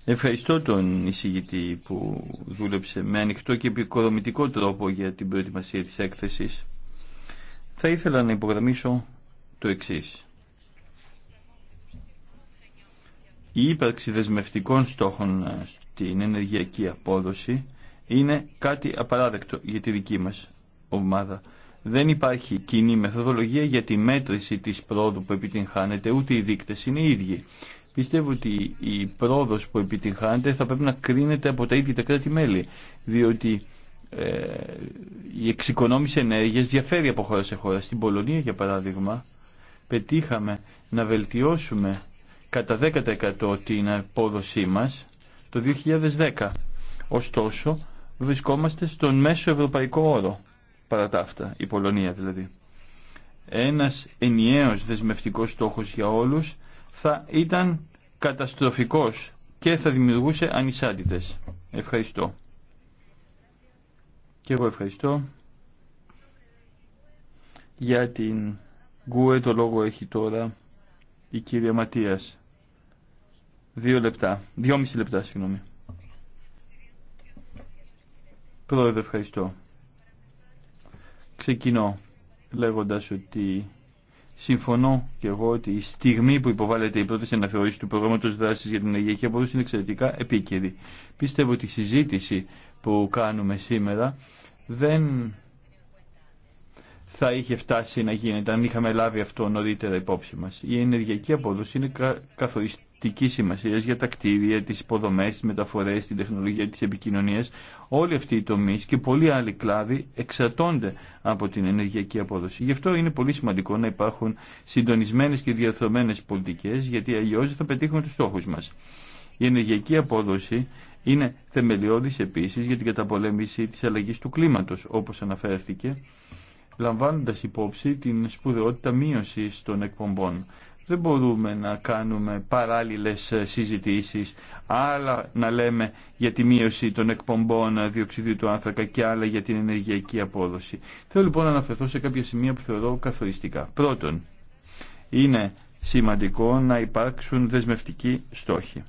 B: ευχαριστώ τον εισηγητή που δούλεψε με ανοιχτό και επικοδομητικό τρόπο για την προετοιμασία της έκθεσης. Θα ήθελα να υπογραμμίσω το εξής. Η ύπαρξη δεσμευτικών στόχων στην ενεργειακή απόδοση είναι κάτι απαράδεκτο για τη δική μας ομάδα. Δεν υπάρχει κοινή μεθοδολογία για τη μέτρηση της πρόοδου που επιτυγχάνεται, ούτε οι δείκτες είναι οι ίδιοι. Πιστεύω ότι η πρόοδος που επιτυγχάνεται θα πρέπει να κρίνεται από τα ίδια τα κράτη-μέλη, διότι ε, η εξοικονόμηση ενέργειας διαφέρει από χώρα σε χώρα. Στην Πολωνία, για παράδειγμα, πετύχαμε να βελτιώσουμε κατά 10% την απόδοσή μας το 2010. Ωστόσο, βρισκόμαστε στον μέσο ευρωπαϊκό όρο παρά τα αυτά, η Πολωνία δηλαδή. Ένας ενιαίος δεσμευτικός στόχος για όλους θα ήταν καταστροφικός και θα δημιουργούσε ανισάντητες. Ευχαριστώ. Και εγώ ευχαριστώ. Για την Γκουέ το λόγο έχει τώρα η κυρία Ματίας. Δύο λεπτά, δυόμιση λεπτά συγγνώμη. Πρόεδρε, ευχαριστώ. Ξεκινώ λέγοντας ότι συμφωνώ και εγώ ότι η στιγμή που υποβάλλεται η πρώτη αναθεώρηση του προγράμματο δράση για την ενεργειακή απόδοση είναι εξαιρετικά επίκαιρη. Πιστεύω ότι η συζήτηση που κάνουμε σήμερα δεν θα είχε φτάσει να γίνεται αν είχαμε λάβει αυτό νωρίτερα υπόψη μας. Η ενεργειακή απόδοση είναι καθοριστική ζωτική σημασία για τα κτίρια, τι υποδομέ, τι μεταφορέ, την τεχνολογία, τι επικοινωνίε. Όλοι αυτοί οι τομεί και πολλοί άλλοι κλάδοι εξαρτώνται από την ενεργειακή απόδοση. Γι' αυτό είναι πολύ σημαντικό να υπάρχουν συντονισμένε και διαρθρωμένε πολιτικέ, γιατί αλλιώ θα πετύχουμε του στόχου μα. Η ενεργειακή απόδοση είναι θεμελιώδης επίσης για την καταπολέμηση της αλλαγής του κλίματος, όπως αναφέρθηκε, λαμβάνοντας υπόψη την σπουδαιότητα μείωση των εκπομπών. Δεν μπορούμε να κάνουμε παράλληλες συζητήσεις, άλλα να λέμε για τη μείωση των εκπομπών διοξιδίου του άνθρακα και άλλα για την ενεργειακή απόδοση. Θέλω λοιπόν να αναφερθώ σε κάποια σημεία που θεωρώ καθοριστικά. Πρώτον, είναι σημαντικό να υπάρξουν δεσμευτικοί στόχοι.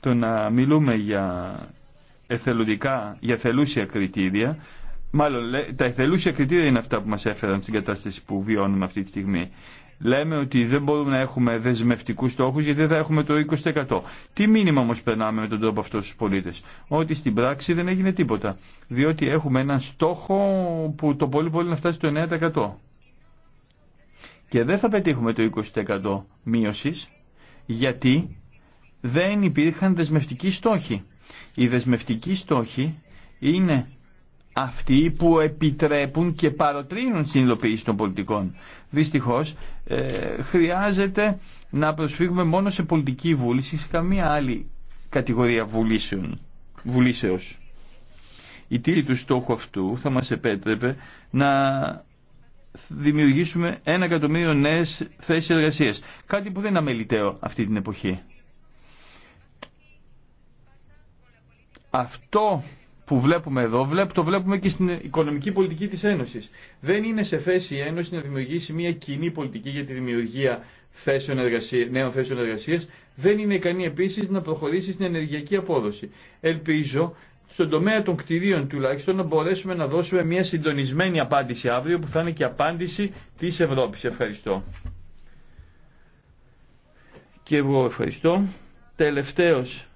B: Το να μιλούμε για εθελοντικά, για θελούσια κριτήρια, Μάλλον τα εθελούσια κριτήρια είναι αυτά που μας έφεραν στην κατάσταση που βιώνουμε αυτή τη στιγμή. Λέμε ότι δεν μπορούμε να έχουμε δεσμευτικούς στόχους γιατί δεν θα έχουμε το 20%. Τι μήνυμα όμως περνάμε με τον τρόπο αυτό στους πολίτες. Ότι στην πράξη δεν έγινε τίποτα. Διότι έχουμε έναν στόχο που το πολύ πολύ να φτάσει το 9%. Και δεν θα πετύχουμε το 20% μείωσης γιατί δεν υπήρχαν δεσμευτικοί στόχοι. Οι δεσμευτικοί στόχοι είναι αυτοί που επιτρέπουν και παροτρύνουν υλοποίηση των πολιτικών. Δυστυχώς ε, χρειάζεται να προσφύγουμε μόνο σε πολιτική βούληση, σε καμία άλλη κατηγορία βουλήσεων, βουλήσεως. Η τύχη του στόχου αυτού θα μας επέτρεπε να δημιουργήσουμε ένα εκατομμύριο νέες θέσεις εργασίας. Κάτι που δεν είναι αμεληταίο αυτή την εποχή. Αυτό που βλέπουμε εδώ, το βλέπουμε και στην οικονομική πολιτική της Ένωσης. Δεν είναι σε θέση η Ένωση να δημιουργήσει μια κοινή πολιτική για τη δημιουργία θέσεων νέων θέσεων εργασίας. Δεν είναι ικανή επίσης να προχωρήσει στην ενεργειακή απόδοση. Ελπίζω στον τομέα των κτηρίων τουλάχιστον να μπορέσουμε να δώσουμε μια συντονισμένη απάντηση αύριο που θα είναι και απάντηση της Ευρώπης. Ευχαριστώ. Και εγώ ευχαριστώ. Τελευταίος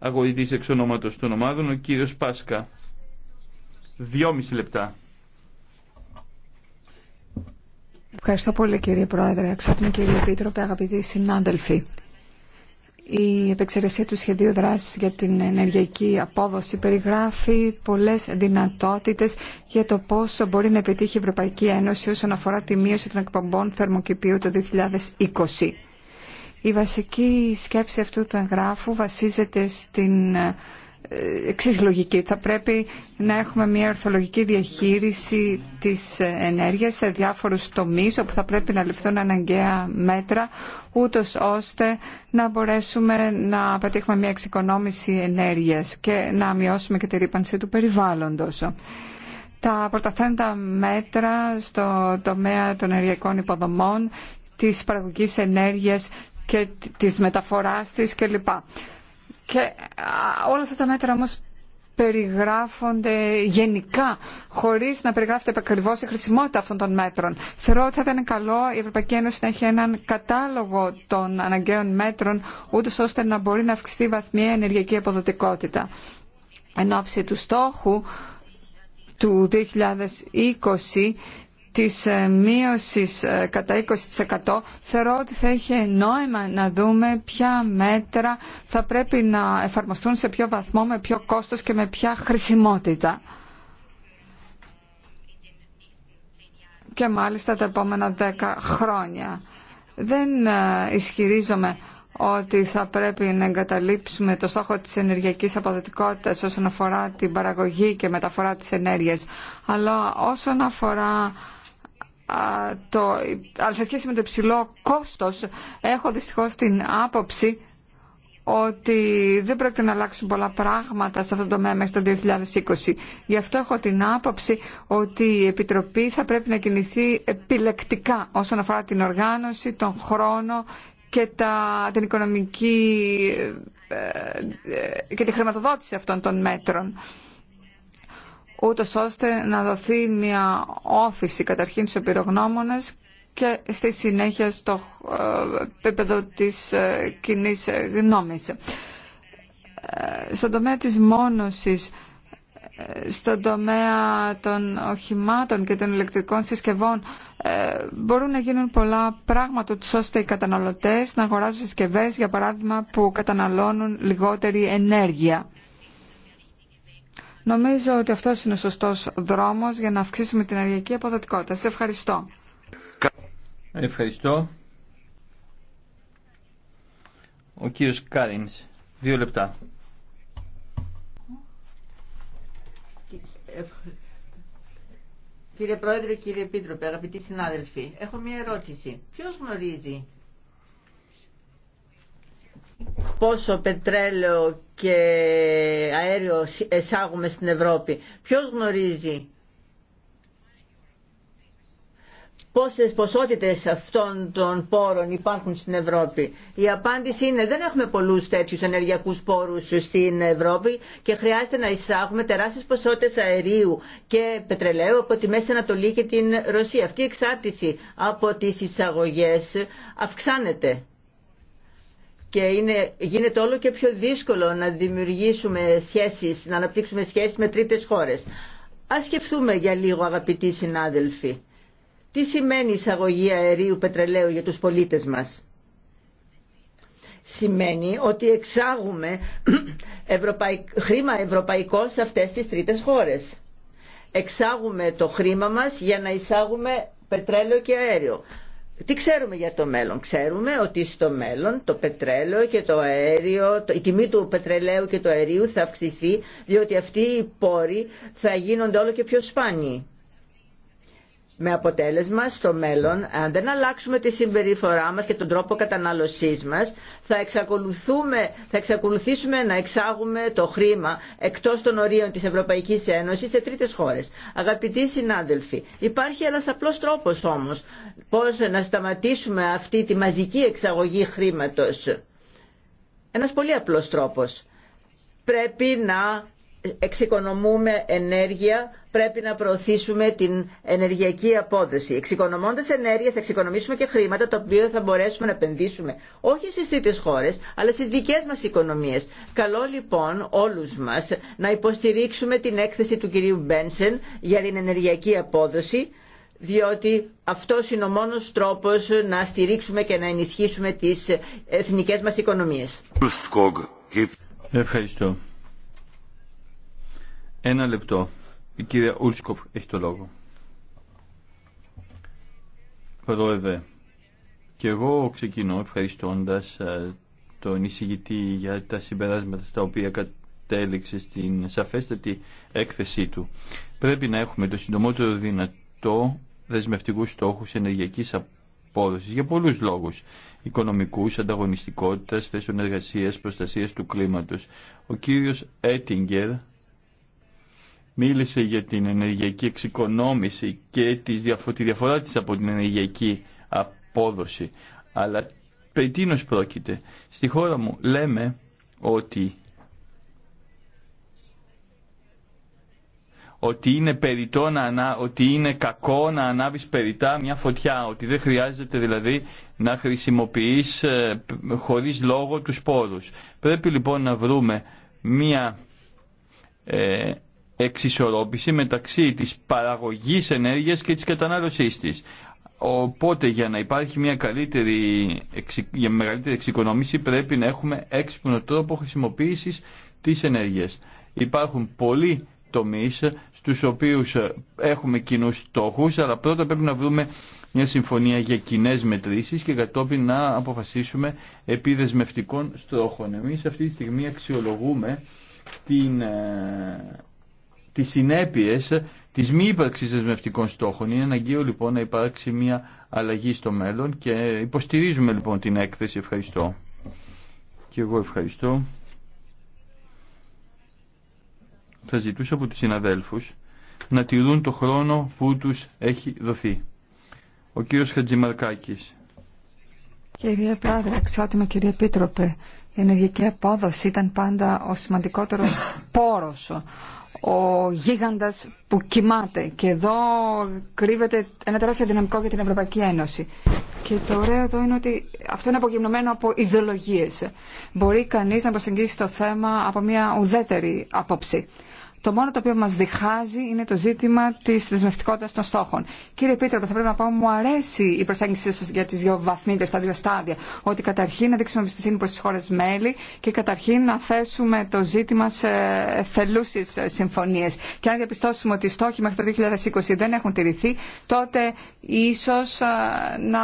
B: αγωγητής εξ ονόματος των ομάδων, ο κύριος Πάσκα. Δυόμιση λεπτά.
D: Ευχαριστώ πολύ κύριε Πρόεδρε, αξιότιμη κύριε Επίτροπε, αγαπητοί συνάδελφοι. Η επεξεργασία του σχεδίου δράσης για την ενεργειακή απόδοση περιγράφει πολλές δυνατότητες για το πόσο μπορεί να επιτύχει η Ευρωπαϊκή Ένωση όσον αφορά τη μείωση των εκπομπών θερμοκηπίου το 2020. Η βασική σκέψη αυτού του εγγράφου βασίζεται στην ε, εξής λογική. Θα πρέπει να έχουμε μια ορθολογική διαχείριση της ε, ενέργειας σε διάφορους τομείς όπου θα πρέπει να ληφθούν αναγκαία μέτρα ούτως ώστε να μπορέσουμε να πετύχουμε μια εξοικονόμηση ενέργειας και να μειώσουμε και τη ρήπανση του περιβάλλοντος. Τα πρωταθέντα μέτρα στο τομέα των ενεργειακών υποδομών της παραγωγής ενέργειας και της μεταφοράς της κλπ. Και όλα αυτά τα μέτρα όμως περιγράφονται γενικά, χωρίς να περιγράφεται ακριβώ η χρησιμότητα αυτών των μέτρων. Θεωρώ ότι θα ήταν καλό η Ευρωπαϊκή Ένωση να έχει έναν κατάλογο των αναγκαίων μέτρων, ούτως ώστε να μπορεί να αυξηθεί η βαθμία ενεργειακή αποδοτικότητα. Εν ώψη του στόχου του 2020 της ε, μείωσης ε, κατά 20% θεωρώ ότι θα είχε νόημα να δούμε ποια μέτρα θα πρέπει να εφαρμοστούν σε ποιο βαθμό, με ποιο κόστος και με ποια χρησιμότητα. Και μάλιστα τα επόμενα 10 χρόνια. Δεν ε, ισχυρίζομαι ότι θα πρέπει να εγκαταλείψουμε το στόχο της ενεργειακής αποδοτικότητας όσον αφορά την παραγωγή και μεταφορά της ενέργειας. Αλλά όσον αφορά το, αλλά σε σχέση με το υψηλό κόστος έχω δυστυχώς την άποψη ότι δεν πρόκειται να αλλάξουν πολλά πράγματα σε αυτό το τομέα μέχρι το 2020. Γι' αυτό έχω την άποψη ότι η Επιτροπή θα πρέπει να κινηθεί επιλεκτικά όσον αφορά την οργάνωση, τον χρόνο και τα, την οικονομική ε, ε, και τη χρηματοδότηση αυτών των μέτρων ούτω ώστε να δοθεί μια όφηση καταρχήν στους επιρρογνώμονες και στη συνέχεια στο ε, επίπεδο της ε, κοινή ε, γνώμης. Στον τομέα της μόνωσης, στον τομέα των οχημάτων και των ηλεκτρικών συσκευών μπορούν να γίνουν πολλά πράγματα ώστε οι καταναλωτές να αγοράζουν συσκευές για παράδειγμα που καταναλώνουν λιγότερη ενέργεια. Νομίζω ότι αυτό είναι ο σωστός δρόμος για να αυξήσουμε την ενεργειακή αποδοτικότητα. Σε ευχαριστώ.
B: Ευχαριστώ. Ο κύριος Κάρινς. Δύο λεπτά.
A: Κύριε Πρόεδρε, κύριε Επίτροπε, αγαπητοί συνάδελφοι, έχω μία ερώτηση. Ποιος γνωρίζει πόσο πετρέλαιο και αέριο εισάγουμε στην Ευρώπη. Ποιος γνωρίζει πόσες ποσότητες αυτών των πόρων υπάρχουν στην Ευρώπη. Η απάντηση είναι δεν έχουμε πολλούς τέτοιους ενεργειακούς πόρους στην Ευρώπη και χρειάζεται να εισάγουμε τεράστιες ποσότητες αερίου και πετρελαίου από τη Μέση Ανατολή και την Ρωσία. Αυτή η εξάρτηση από τις εισαγωγές αυξάνεται και είναι, γίνεται όλο και πιο δύσκολο να δημιουργήσουμε σχέσεις, να αναπτύξουμε σχέσεις με τρίτες χώρες. Ας σκεφτούμε για λίγο αγαπητοί συνάδελφοι. Τι σημαίνει εισαγωγή αερίου πετρελαίου για τους πολίτες μας. Σημαίνει ότι εξάγουμε χρήμα ευρωπαϊκό σε αυτές τις τρίτες χώρες. Εξάγουμε το χρήμα μας για να εισάγουμε πετρέλαιο και αέριο. Τι ξέρουμε για το μέλλον. Ξέρουμε ότι στο μέλλον το πετρέλαιο και το αέριο, η τιμή του πετρελαίου και του αερίου θα αυξηθεί διότι αυτοί οι πόροι θα γίνονται όλο και πιο σπάνιοι. Με αποτέλεσμα στο μέλλον, αν δεν αλλάξουμε τη συμπεριφορά μας και τον τρόπο κατανάλωσής μας, θα, εξακολουθούμε, θα εξακολουθήσουμε να εξάγουμε το χρήμα εκτός των ορίων της Ευρωπαϊκής Ένωσης σε τρίτες χώρες. Αγαπητοί συνάδελφοι, υπάρχει ένας απλός τρόπος όμως πώς να σταματήσουμε αυτή τη μαζική εξαγωγή χρήματος. Ένας πολύ απλός τρόπος. Πρέπει να εξοικονομούμε ενέργεια, πρέπει να προωθήσουμε την ενεργειακή απόδοση. Εξοικονομώντας ενέργεια θα εξοικονομήσουμε και χρήματα τα οποία θα μπορέσουμε να επενδύσουμε όχι στις τρίτες χώρες αλλά στις δικές μας οικονομίες. Καλό λοιπόν όλους μας να υποστηρίξουμε την έκθεση του κυρίου Μπένσεν για την ενεργειακή απόδοση διότι αυτό είναι ο μόνος τρόπος να στηρίξουμε και να ενισχύσουμε τις εθνικές μας οικονομίες.
B: Ευχαριστώ. Ένα λεπτό. Η κυρία Ούλσκοφ έχει το λόγο. Πρόεδρε, και εγώ ξεκινώ ευχαριστώντας ε, τον εισηγητή για τα συμπεράσματα στα οποία κατέληξε στην σαφέστατη έκθεσή του. Πρέπει να έχουμε το συντομότερο δυνατό δεσμευτικού στόχου ενεργειακή απόδοση για πολλούς λόγους. Οικονομικούς, ανταγωνιστικότητας, θέσεων εργασία, προστασία του κλίματο. Ο κύριο Έτιγκερ μίλησε για την ενεργειακή εξοικονόμηση και τη διαφορά της από την ενεργειακή απόδοση. Αλλά περί πρόκειται. Στη χώρα μου λέμε ότι ότι είναι, περιττό ανά, ότι είναι κακό να ανάβεις περιτά μια φωτιά, ότι δεν χρειάζεται δηλαδή να χρησιμοποιείς ε, χωρίς λόγο τους πόρους. Πρέπει λοιπόν να βρούμε μια ε, εξισορρόπηση μεταξύ της παραγωγής ενέργειας και της κατανάλωσής της. Οπότε για να υπάρχει μια καλύτερη, για μεγαλύτερη εξοικονόμηση πρέπει να έχουμε έξυπνο τρόπο χρησιμοποίησης της ενέργειας. Υπάρχουν πολλοί τομείς στους οποίους ε, έχουμε κοινούς στόχους, αλλά πρώτα πρέπει να βρούμε μια συμφωνία για κοινέ μετρήσει και κατόπιν να αποφασίσουμε επί δεσμευτικών στόχων. Εμείς αυτή τη στιγμή αξιολογούμε την ε, τις συνέπειες της μη ύπαρξης δεσμευτικών στόχων. Είναι αναγκαίο λοιπόν να υπάρξει μια αλλαγή στο μέλλον και υποστηρίζουμε λοιπόν την έκθεση. Ευχαριστώ. Και εγώ ευχαριστώ. Θα ζητούσα από τους συναδέλφους να τηρούν το χρόνο που τους έχει δοθεί. Ο κύριος Χατζημαρκάκης.
D: Κύριε Πρόεδρε, αξιότιμο κύριε Επίτροπε, η ενεργειακή απόδοση ήταν πάντα ο σημαντικότερος πόρος ο γίγαντας που κοιμάται και εδώ κρύβεται ένα τεράστιο δυναμικό για την Ευρωπαϊκή Ένωση. Και το ωραίο εδώ είναι ότι αυτό είναι απογυμνωμένο από ιδεολογίες. Μπορεί κανείς να προσεγγίσει το θέμα από μια ουδέτερη άποψη. Το μόνο το οποίο μα διχάζει είναι το ζήτημα τη δεσμευτικότητα των στόχων. Κύριε Πίτρο, θα πρέπει να πάω, μου αρέσει η προσέγγιση σα για τι δύο βαθμίδε, τα δύο στάδια. Ότι καταρχήν να δείξουμε εμπιστοσύνη προ τι χώρε μέλη και καταρχήν να θέσουμε το ζήτημα σε θελούσιες συμφωνίες. Και αν διαπιστώσουμε ότι οι στόχοι μέχρι το 2020 δεν έχουν τηρηθεί, τότε ίσω να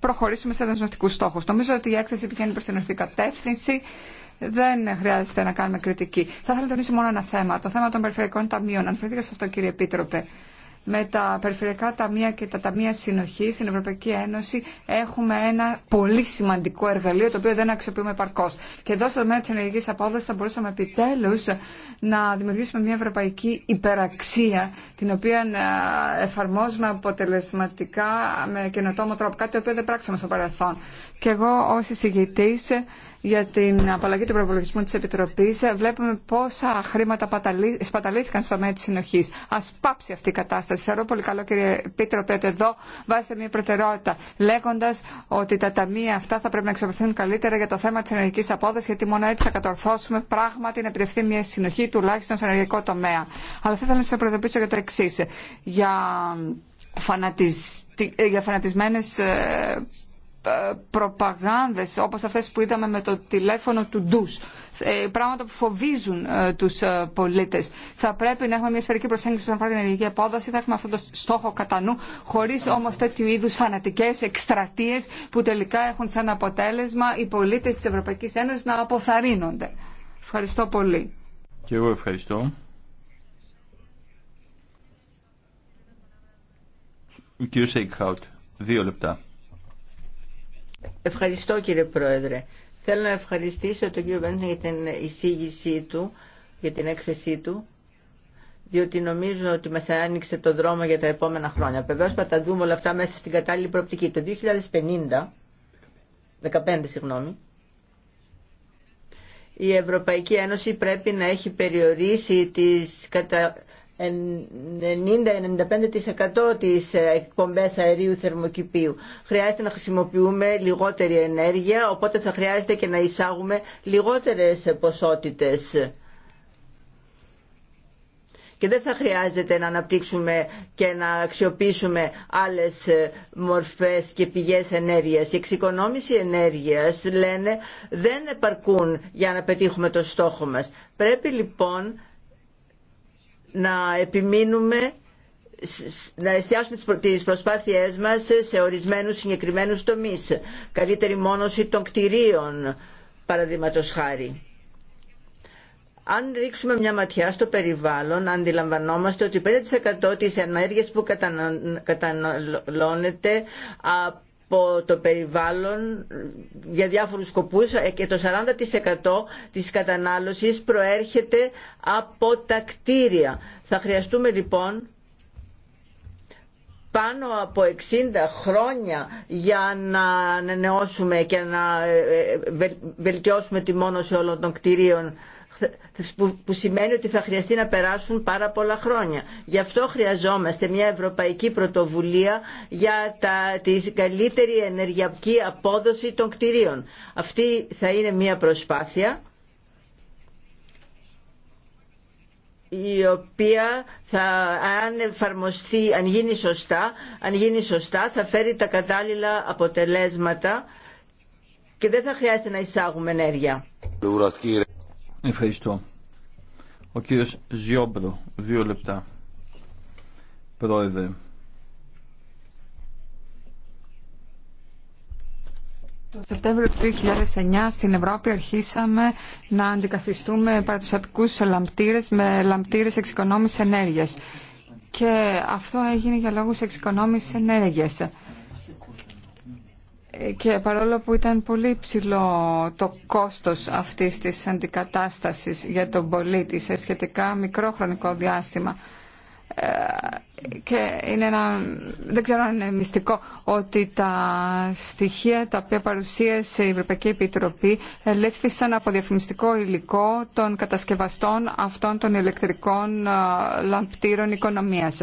D: προχωρήσουμε σε δεσμευτικού στόχου. Νομίζω ότι η έκθεση πηγαίνει προ την ορθή κατεύθυνση δεν χρειάζεται να κάνουμε κριτική. Θα ήθελα να τονίσω μόνο ένα θέμα, το θέμα των περιφερειακών ταμείων. Αναφέρθηκα σε αυτό κύριε Επίτροπε. Με τα περιφερειακά ταμεία και τα ταμεία συνοχή στην Ευρωπαϊκή Ένωση έχουμε ένα πολύ σημαντικό εργαλείο το οποίο δεν αξιοποιούμε παρκώ. Και εδώ στο τομέα τη ενεργειακή απόδοση θα μπορούσαμε επιτέλου να δημιουργήσουμε μια ευρωπαϊκή υπεραξία την οποία εφαρμόζουμε αποτελεσματικά με καινοτόμο τρόπο. Κάτι το οποίο δεν πράξαμε στο παρελθόν και εγώ ω εισηγητή για την απαλλαγή του προπολογισμού τη Επιτροπή, βλέπουμε πόσα χρήματα σπαταλήθηκαν στο μέτρο της συνοχής. Ας πάψει αυτή η κατάσταση. Θεωρώ πολύ καλό κύριε Επίτροπε ότι εδώ βάζετε μια προτεραιότητα λέγοντα ότι τα ταμεία αυτά θα πρέπει να εξοπλιστούν καλύτερα για το θέμα τη ενεργικής απόδοση γιατί μόνο έτσι θα κατορθώσουμε πράγματι να επιτευχθεί μια συνοχή τουλάχιστον στον ενεργειακό τομέα. Αλλά θα ήθελα να σα προειδοποιήσω για το εξή. Για, φανατισ... Ε, για ε, προπαγάνδες όπως αυτές που είδαμε με το τηλέφωνο του ντους ε, πράγματα που φοβίζουν ε, τους πολίτες θα πρέπει να έχουμε μια σφαιρική προσέγγιση στον αφορά την ενεργειακή απόδοση θα έχουμε αυτό το στόχο κατά νου χωρίς όμως τέτοιου είδους φανατικές εκστρατείες που τελικά έχουν σαν αποτέλεσμα οι πολίτες της Ευρωπαϊκής Ένωσης να αποθαρρύνονται Ευχαριστώ πολύ
B: Και εγώ ευχαριστώ Κύριε Σέικχαουτ, δύο λεπτά
A: Ευχαριστώ κύριε Πρόεδρε. Θέλω να ευχαριστήσω τον κύριο Βέντσον για την εισήγησή του, για την έκθεσή του, διότι νομίζω ότι μας άνοιξε το δρόμο για τα επόμενα χρόνια. Βεβαίω θα τα δούμε όλα αυτά μέσα στην κατάλληλη προοπτική. Το 2050, 15 συγγνώμη, η Ευρωπαϊκή Ένωση πρέπει να έχει περιορίσει τις κατα... 90-95% της ε, εκπομπές αερίου θερμοκηπίου. Χρειάζεται να χρησιμοποιούμε λιγότερη ενέργεια, οπότε θα χρειάζεται και να εισάγουμε λιγότερες ποσότητες. Και δεν θα χρειάζεται να αναπτύξουμε και να αξιοποιήσουμε άλλες ε, μορφές και πηγές ενέργειας. Η εξοικονόμηση ενέργειας, λένε, δεν επαρκούν για να πετύχουμε το στόχο μας. Πρέπει λοιπόν να επιμείνουμε να εστιάσουμε τις προσπάθειές μας σε ορισμένους συγκεκριμένους τομείς. Καλύτερη μόνωση των κτηρίων, παραδείγματος χάρη. Αν ρίξουμε μια ματιά στο περιβάλλον, αντιλαμβανόμαστε ότι 5% της ενέργειας που καταναλώνεται από το περιβάλλον για διάφορους σκοπούς και το 40% της κατανάλωσης προέρχεται από τα κτίρια. Θα χρειαστούμε λοιπόν πάνω από 60 χρόνια για να ανανεώσουμε και να ε, ε, βελτιώσουμε τη μόνωση όλων των κτιρίων που σημαίνει ότι θα χρειαστεί να περάσουν πάρα πολλά χρόνια. Γι' αυτό χρειαζόμαστε μια ευρωπαϊκή πρωτοβουλία για τα, τη καλύτερη ενεργειακή απόδοση των κτηρίων. Αυτή θα είναι μια προσπάθεια η οποία θα, αν εφαρμοστεί, αν γίνει σωστά, αν γίνει σωστά θα φέρει τα κατάλληλα αποτελέσματα και δεν θα χρειάζεται να εισάγουμε ενέργεια.
B: Ευχαριστώ. Ο κύριος Ζιόμπρο, δύο λεπτά. Πρόεδρε.
D: Το Σεπτέμβριο του 2009 στην Ευρώπη αρχίσαμε να αντικαθιστούμε παραδοσιακούς λαμπτήρες με λαμπτήρες εξοικονόμησης ενέργειας. Και αυτό έγινε για λόγους εξοικονόμησης ενέργειας. Ε, και παρόλο που ήταν πολύ ψηλό το κόστος αυτής της αντικατάστασης για τον πολίτη σε σχετικά μικρό χρονικό διάστημα ε, και είναι ένα, δεν ξέρω αν είναι μυστικό ότι τα στοιχεία τα οποία παρουσίασε η Ευρωπαϊκή Επιτροπή ελέγχθησαν από διαφημιστικό υλικό των κατασκευαστών αυτών των ηλεκτρικών ε, λαμπτήρων οικονομίας.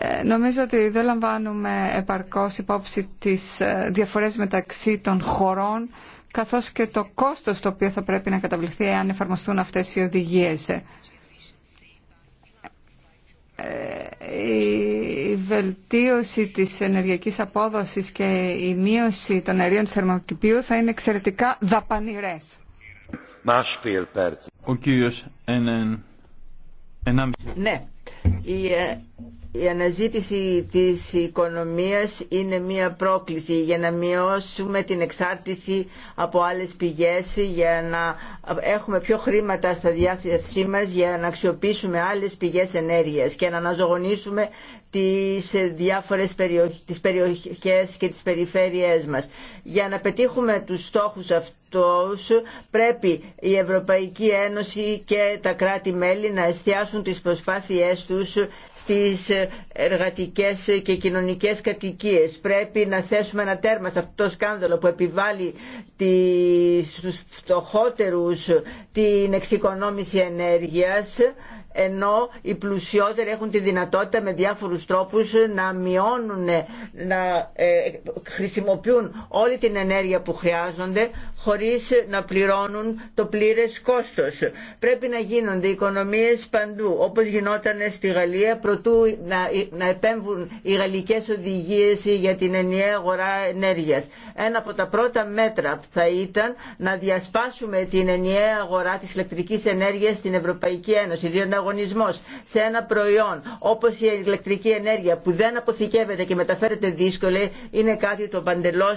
D: Ε, νομίζω ότι δεν λαμβάνουμε επαρκώς υπόψη τις ε, διαφορές μεταξύ των χωρών καθώς και το κόστος το οποίο θα πρέπει να καταβληθεί αν εφαρμοστούν αυτές οι οδηγίες. Ε, η βελτίωση της ενεργειακής απόδοσης και η μείωση των αερίων του θερμοκηπίου θα είναι εξαιρετικά δαπανηρές.
E: Ο
B: κύριος
A: η αναζήτηση της οικονομίας είναι μία πρόκληση για να μειώσουμε την εξάρτηση από άλλες πηγές, για να έχουμε πιο χρήματα στα διάθεσή μας, για να αξιοποιήσουμε άλλες πηγές ενέργειας και να αναζωογονήσουμε τις ε, διάφορες περιοχές, τις και τις περιφέρειές μας. Για να πετύχουμε τους στόχους αυτούς πρέπει η Ευρωπαϊκή Ένωση και τα κράτη-μέλη να εστιάσουν τις προσπάθειές τους στις ε, εργατικές και κοινωνικές κατοικίες. Πρέπει να θέσουμε ένα τέρμα σε αυτό το σκάνδαλο που επιβάλλει στους φτωχότερους την εξοικονόμηση ενέργειας ενώ οι πλουσιότεροι έχουν τη δυνατότητα με διάφορους τρόπους να μειώνουν, να ε, χρησιμοποιούν όλη την ενέργεια που χρειάζονται χωρίς να πληρώνουν το πλήρες κόστος. Πρέπει να γίνονται οικονομίες παντού, όπως γινόταν στη Γαλλία, προτού να επέμβουν οι γαλλικές οδηγίες για την ενιαία αγορά ενέργειας. Ένα από τα πρώτα μέτρα θα ήταν να διασπάσουμε την ενιαία αγορά της ηλεκτρικής ενέργειας στην Ευρωπαϊκή Ένωση, σε ένα προϊόν όπως η ηλεκτρική ενέργεια που δεν αποθηκεύεται και μεταφέρεται δύσκολα είναι κάτι το παντελώ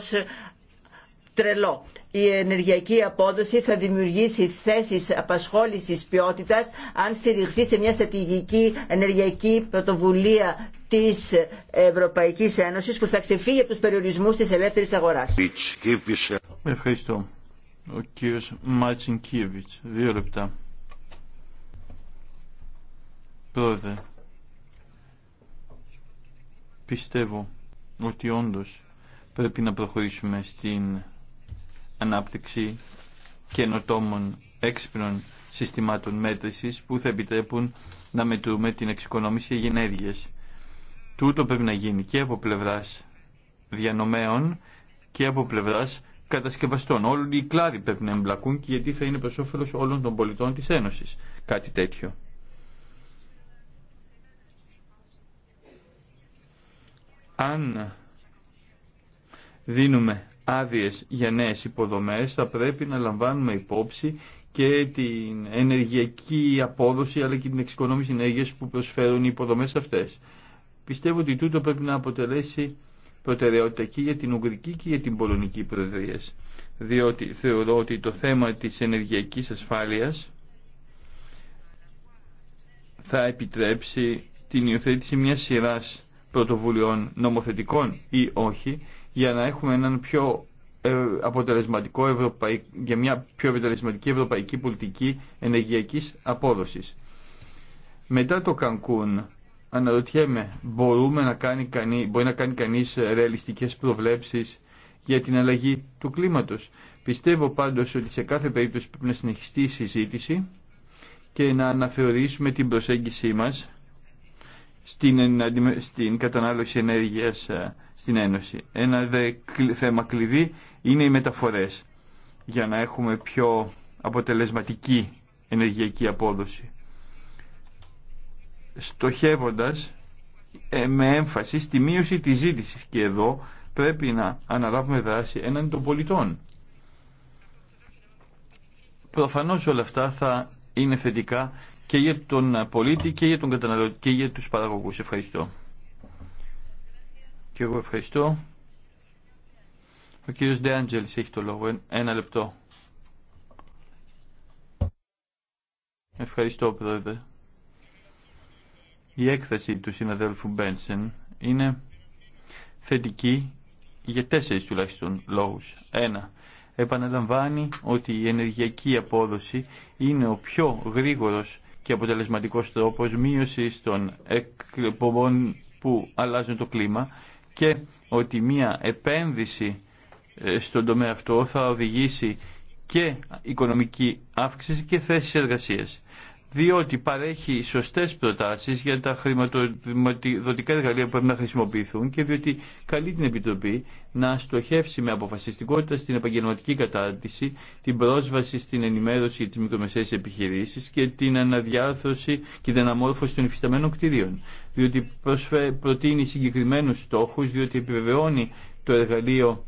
A: τρελό. Η ενεργειακή απόδοση θα δημιουργήσει θέσεις απασχόλησης ποιότητα αν στηριχθεί σε μια στρατηγική ενεργειακή πρωτοβουλία της Ευρωπαϊκής Ένωση που θα ξεφύγει από του περιορισμού τη ελεύθερη αγορά.
B: Ευχαριστώ. Ο κύριος Μάτσιν Δύο λεπτά. Πρόεδρε, πιστεύω ότι όντως πρέπει να προχωρήσουμε στην ανάπτυξη καινοτόμων έξυπνων συστημάτων μέτρησης που θα επιτρέπουν να μετρούμε την εξοικονόμηση γενέργειας. Τούτο πρέπει να γίνει και από πλευράς διανομέων και από πλευράς κατασκευαστών. Όλοι οι κλάδοι πρέπει να εμπλακούν και γιατί θα είναι προς όφελος όλων των πολιτών της Ένωσης κάτι τέτοιο. Αν δίνουμε άδειε για νέες υποδομές θα πρέπει να λαμβάνουμε υπόψη και την ενεργειακή απόδοση αλλά και την εξοικονόμηση ενέργειας που προσφέρουν οι υποδομές αυτές. Πιστεύω ότι τούτο πρέπει να αποτελέσει προτεραιότητα και για την Ουγγρική και για την Πολωνική Προεδρίας. διότι θεωρώ ότι το θέμα της ενεργειακής ασφάλειας θα επιτρέψει την υιοθέτηση μιας σειράς πρωτοβουλειών νομοθετικών ή όχι για να έχουμε έναν πιο ε, αποτελεσματικό ευρωπαϊ... μια πιο αποτελεσματική ευρωπαϊκή πολιτική ενεργειακής απόδοσης. Μετά το Κανκούν αναρωτιέμαι μπορούμε να κάνει κανεί... μπορεί να κάνει κανείς ρεαλιστικές προβλέψεις για την αλλαγή του κλίματος. Πιστεύω πάντως ότι σε κάθε περίπτωση πρέπει να συνεχιστεί η συζήτηση και να αναθεωρήσουμε την προσέγγιση μας στην, στην κατανάλωση ενέργειας ε, στην Ένωση. Ένα δε θέμα κλειδί είναι οι μεταφορές για να έχουμε πιο αποτελεσματική ενεργειακή απόδοση. Στοχεύοντας ε, με έμφαση στη μείωση της ζήτησης και εδώ πρέπει να αναλάβουμε δράση έναντι των πολιτών. Προφανώς όλα αυτά θα είναι θετικά και για τον πολίτη και για τον καταναλωτή και για τους παραγωγούς. Ευχαριστώ. Και εγώ ευχαριστώ. Ο κύριος Ντεάντζελης έχει το λόγο. Ένα λεπτό. Ευχαριστώ, Πρόεδρε. Η έκθεση του συναδέλφου Μπένσεν είναι θετική για τέσσερις τουλάχιστον λόγους. Ένα, επαναλαμβάνει ότι η ενεργειακή απόδοση είναι ο πιο γρήγορος και αποτελεσματικός τρόπος μείωση των εκπομπών που αλλάζουν το κλίμα και ότι μια επένδυση ε, στον τομέα αυτό θα οδηγήσει και οικονομική αύξηση και θέσεις εργασίας διότι παρέχει σωστές προτάσεις για τα χρηματοδοτικά εργαλεία που πρέπει να χρησιμοποιηθούν και διότι καλεί την Επιτροπή να στοχεύσει με αποφασιστικότητα στην επαγγελματική κατάρτιση, την πρόσβαση στην ενημέρωση της μικρομεσαίας μικρομεσαίες επιχειρήσεις και την αναδιάρθρωση και την αναμόρφωση των υφισταμένων κτηρίων. Διότι προτείνει συγκεκριμένους στόχους, διότι επιβεβαιώνει το εργαλείο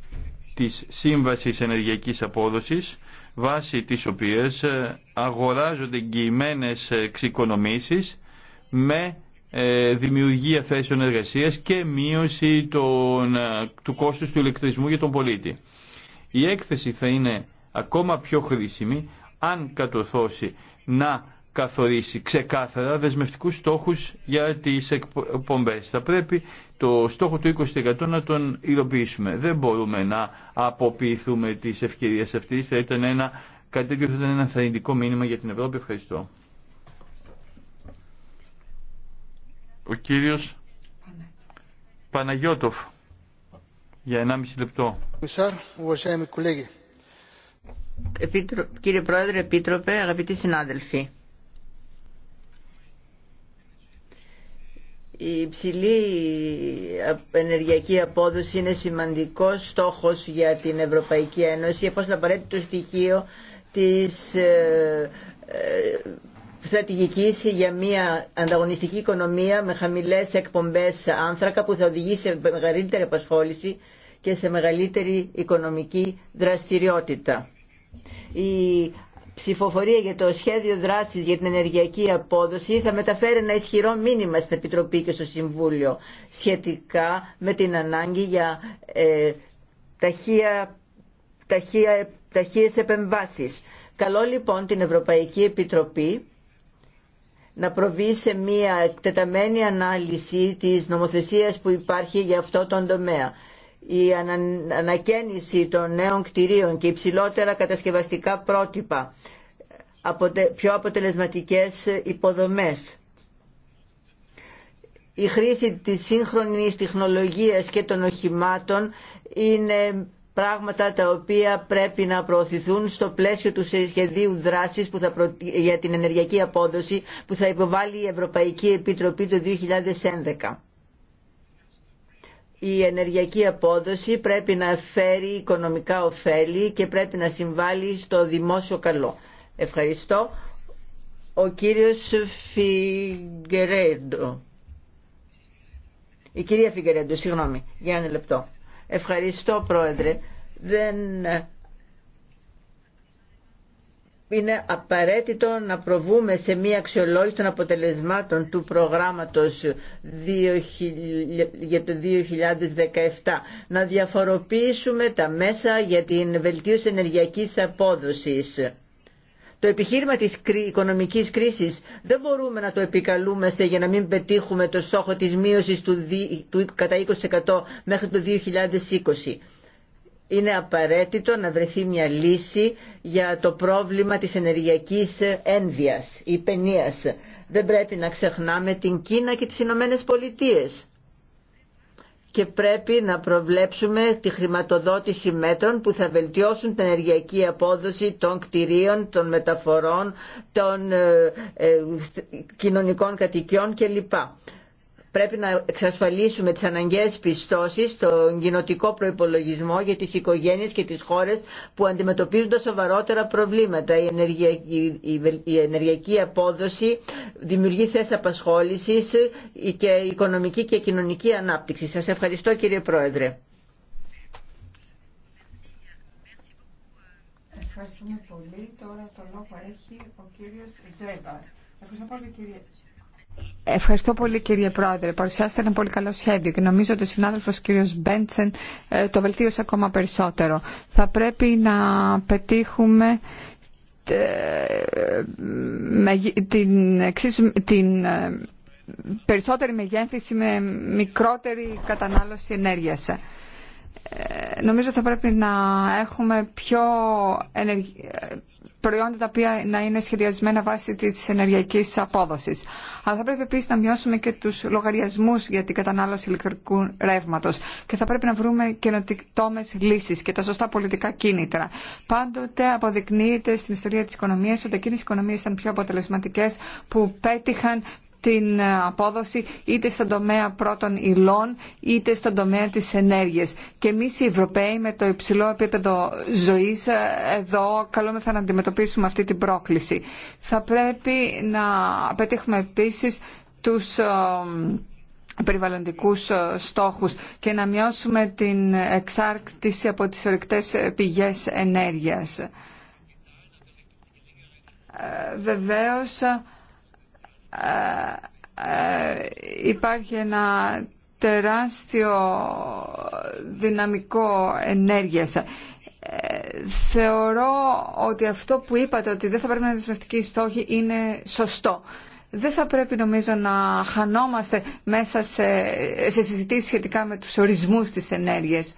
B: της Σύμβασης Ενεργειακής Απόδοσης, βάσει της οποίας ε, αγοράζονται εγγυημένες ε, εξοικονομήσεις με ε, δημιουργία θέσεων εργασίας και μείωση των, του κόστους του ηλεκτρισμού για τον πολίτη. Η έκθεση θα είναι ακόμα πιο χρήσιμη αν κατορθώσει να καθορίσει ξεκάθαρα δεσμευτικούς στόχους για τις εκπομπές. Θα πρέπει το στόχο του 20% να τον υλοποιήσουμε. Δεν μπορούμε να αποποιηθούμε τις ευκαιρίες αυτής. Θα ήταν ένα, κάτι θα ήταν ένα θαρρυντικό μήνυμα για την Ευρώπη. Ευχαριστώ. Ο κύριος Παναγιώτοφ για 1,5 λεπτό.
A: Κύριε Πρόεδρε, Επίτροπε, αγαπητοί συνάδελφοι Η υψηλή ενεργειακή απόδοση είναι σημαντικός στόχος για την Ευρωπαϊκή Ένωση εφόσον απαραίτητο στοιχείο της ε, ε, στρατηγικής για μια ανταγωνιστική οικονομία με χαμηλές εκπομπές άνθρακα που θα οδηγήσει σε μεγαλύτερη απασχόληση και σε μεγαλύτερη οικονομική δραστηριότητα. Η ψηφοφορία για το σχέδιο δράσης για την ενεργειακή απόδοση θα μεταφέρει ένα ισχυρό μήνυμα στην Επιτροπή και στο Συμβούλιο σχετικά με την ανάγκη για ε, ταχεία, ταχεία, ταχείες επεμβάσεις. Καλό λοιπόν την Ευρωπαϊκή Επιτροπή να προβεί σε μια εκτεταμένη ανάλυση της νομοθεσίας που υπάρχει για αυτό τον τομέα η ανακαίνιση των νέων κτηρίων και υψηλότερα κατασκευαστικά πρότυπα, πιο αποτελεσματικές υποδομές, η χρήση της σύγχρονης τεχνολογίας και των οχημάτων είναι πράγματα τα οποία πρέπει να προωθηθούν στο πλαίσιο του σχεδίου δράσης που θα για την ενεργειακή απόδοση που θα υποβάλει η Ευρωπαϊκή Επιτροπή το 2011 η ενεργειακή απόδοση πρέπει να φέρει οικονομικά ωφέλη και πρέπει να συμβάλλει στο δημόσιο καλό. Ευχαριστώ. Ο κύριος Φιγκερέντο. Η κυρία Φιγκερέντο, συγγνώμη, για ένα λεπτό. Ευχαριστώ, Πρόεδρε. Δεν είναι απαραίτητο να προβούμε σε μία αξιολόγηση των αποτελεσμάτων του προγράμματος για το 2017. Να διαφοροποιήσουμε τα μέσα για την βελτίωση ενεργειακής απόδοσης. Το επιχείρημα της οικονομικής κρίσης δεν μπορούμε να το επικαλούμαστε για να μην πετύχουμε το στόχο της μείωσης του κατά 20% μέχρι το 2020 είναι απαραίτητο να βρεθεί μια λύση για το πρόβλημα της ενεργειακής ένδυας ή παινίας. Δεν πρέπει να ξεχνάμε την Κίνα και τις Ηνωμένε Πολιτείε. Και πρέπει να προβλέψουμε τη χρηματοδότηση μέτρων που θα βελτιώσουν την ενεργειακή απόδοση των κτηρίων, των μεταφορών, των ε, ε, κοινωνικών κατοικιών κλπ πρέπει να εξασφαλίσουμε τις αναγκαίες πιστώσεις στον κοινοτικό προϋπολογισμό για τις οικογένειες και τις χώρες που αντιμετωπίζουν τα σοβαρότερα προβλήματα. Η ενεργειακή, απόδοση δημιουργεί θέσεις απασχόλησης και οικονομική και κοινωνική ανάπτυξη. Σας ευχαριστώ κύριε Πρόεδρε.
D: Τώρα κύριος κύριε Ευχαριστώ πολύ κύριε Πρόεδρε. Παρουσιάσετε ένα πολύ καλό σχέδιο και νομίζω ότι ο συνάδελφος κύριος Μπέντσεν ε, το βελτίωσε ακόμα περισσότερο. Θα πρέπει να πετύχουμε ε, την, την ε, περισσότερη μεγέθυνση με μικρότερη κατανάλωση ενέργειας. Νομίζω θα πρέπει να έχουμε πιο, ενεργ προϊόντα τα οποία να είναι σχεδιασμένα βάσει τη ενεργειακή απόδοση. Αλλά θα πρέπει επίση να μειώσουμε και του λογαριασμού για την κατανάλωση ηλεκτρικού ρεύματο. και θα πρέπει να βρούμε καινοτόμε λύσει και τα σωστά πολιτικά κίνητρα. Πάντοτε αποδεικνύεται στην ιστορία τη οικονομία, ότι εκείνε οι οικονομίε ήταν πιο αποτελεσματικέ που πέτυχαν την ε, απόδοση είτε στον τομέα πρώτων υλών είτε στον τομέα της ενέργειας. Και εμείς οι Ευρωπαίοι με το υψηλό επίπεδο ζωής ε, εδώ καλούμεθα να αντιμετωπίσουμε αυτή την πρόκληση. Θα πρέπει να πετύχουμε επίσης τους ε, περιβαλλοντικούς στόχους και να μειώσουμε την εξάρτηση από τις ορυκτές πηγές ενέργειας. Βεβαίως, ε, ε, υπάρχει ένα τεράστιο δυναμικό ενέργειας. Ε, θεωρώ ότι αυτό που είπατε ότι δεν θα πρέπει να είναι δεσμευτική στόχη, είναι σωστό. Δεν θα πρέπει νομίζω να χανόμαστε μέσα σε, σε συζητήσεις σχετικά με τους ορισμούς της ενέργειας.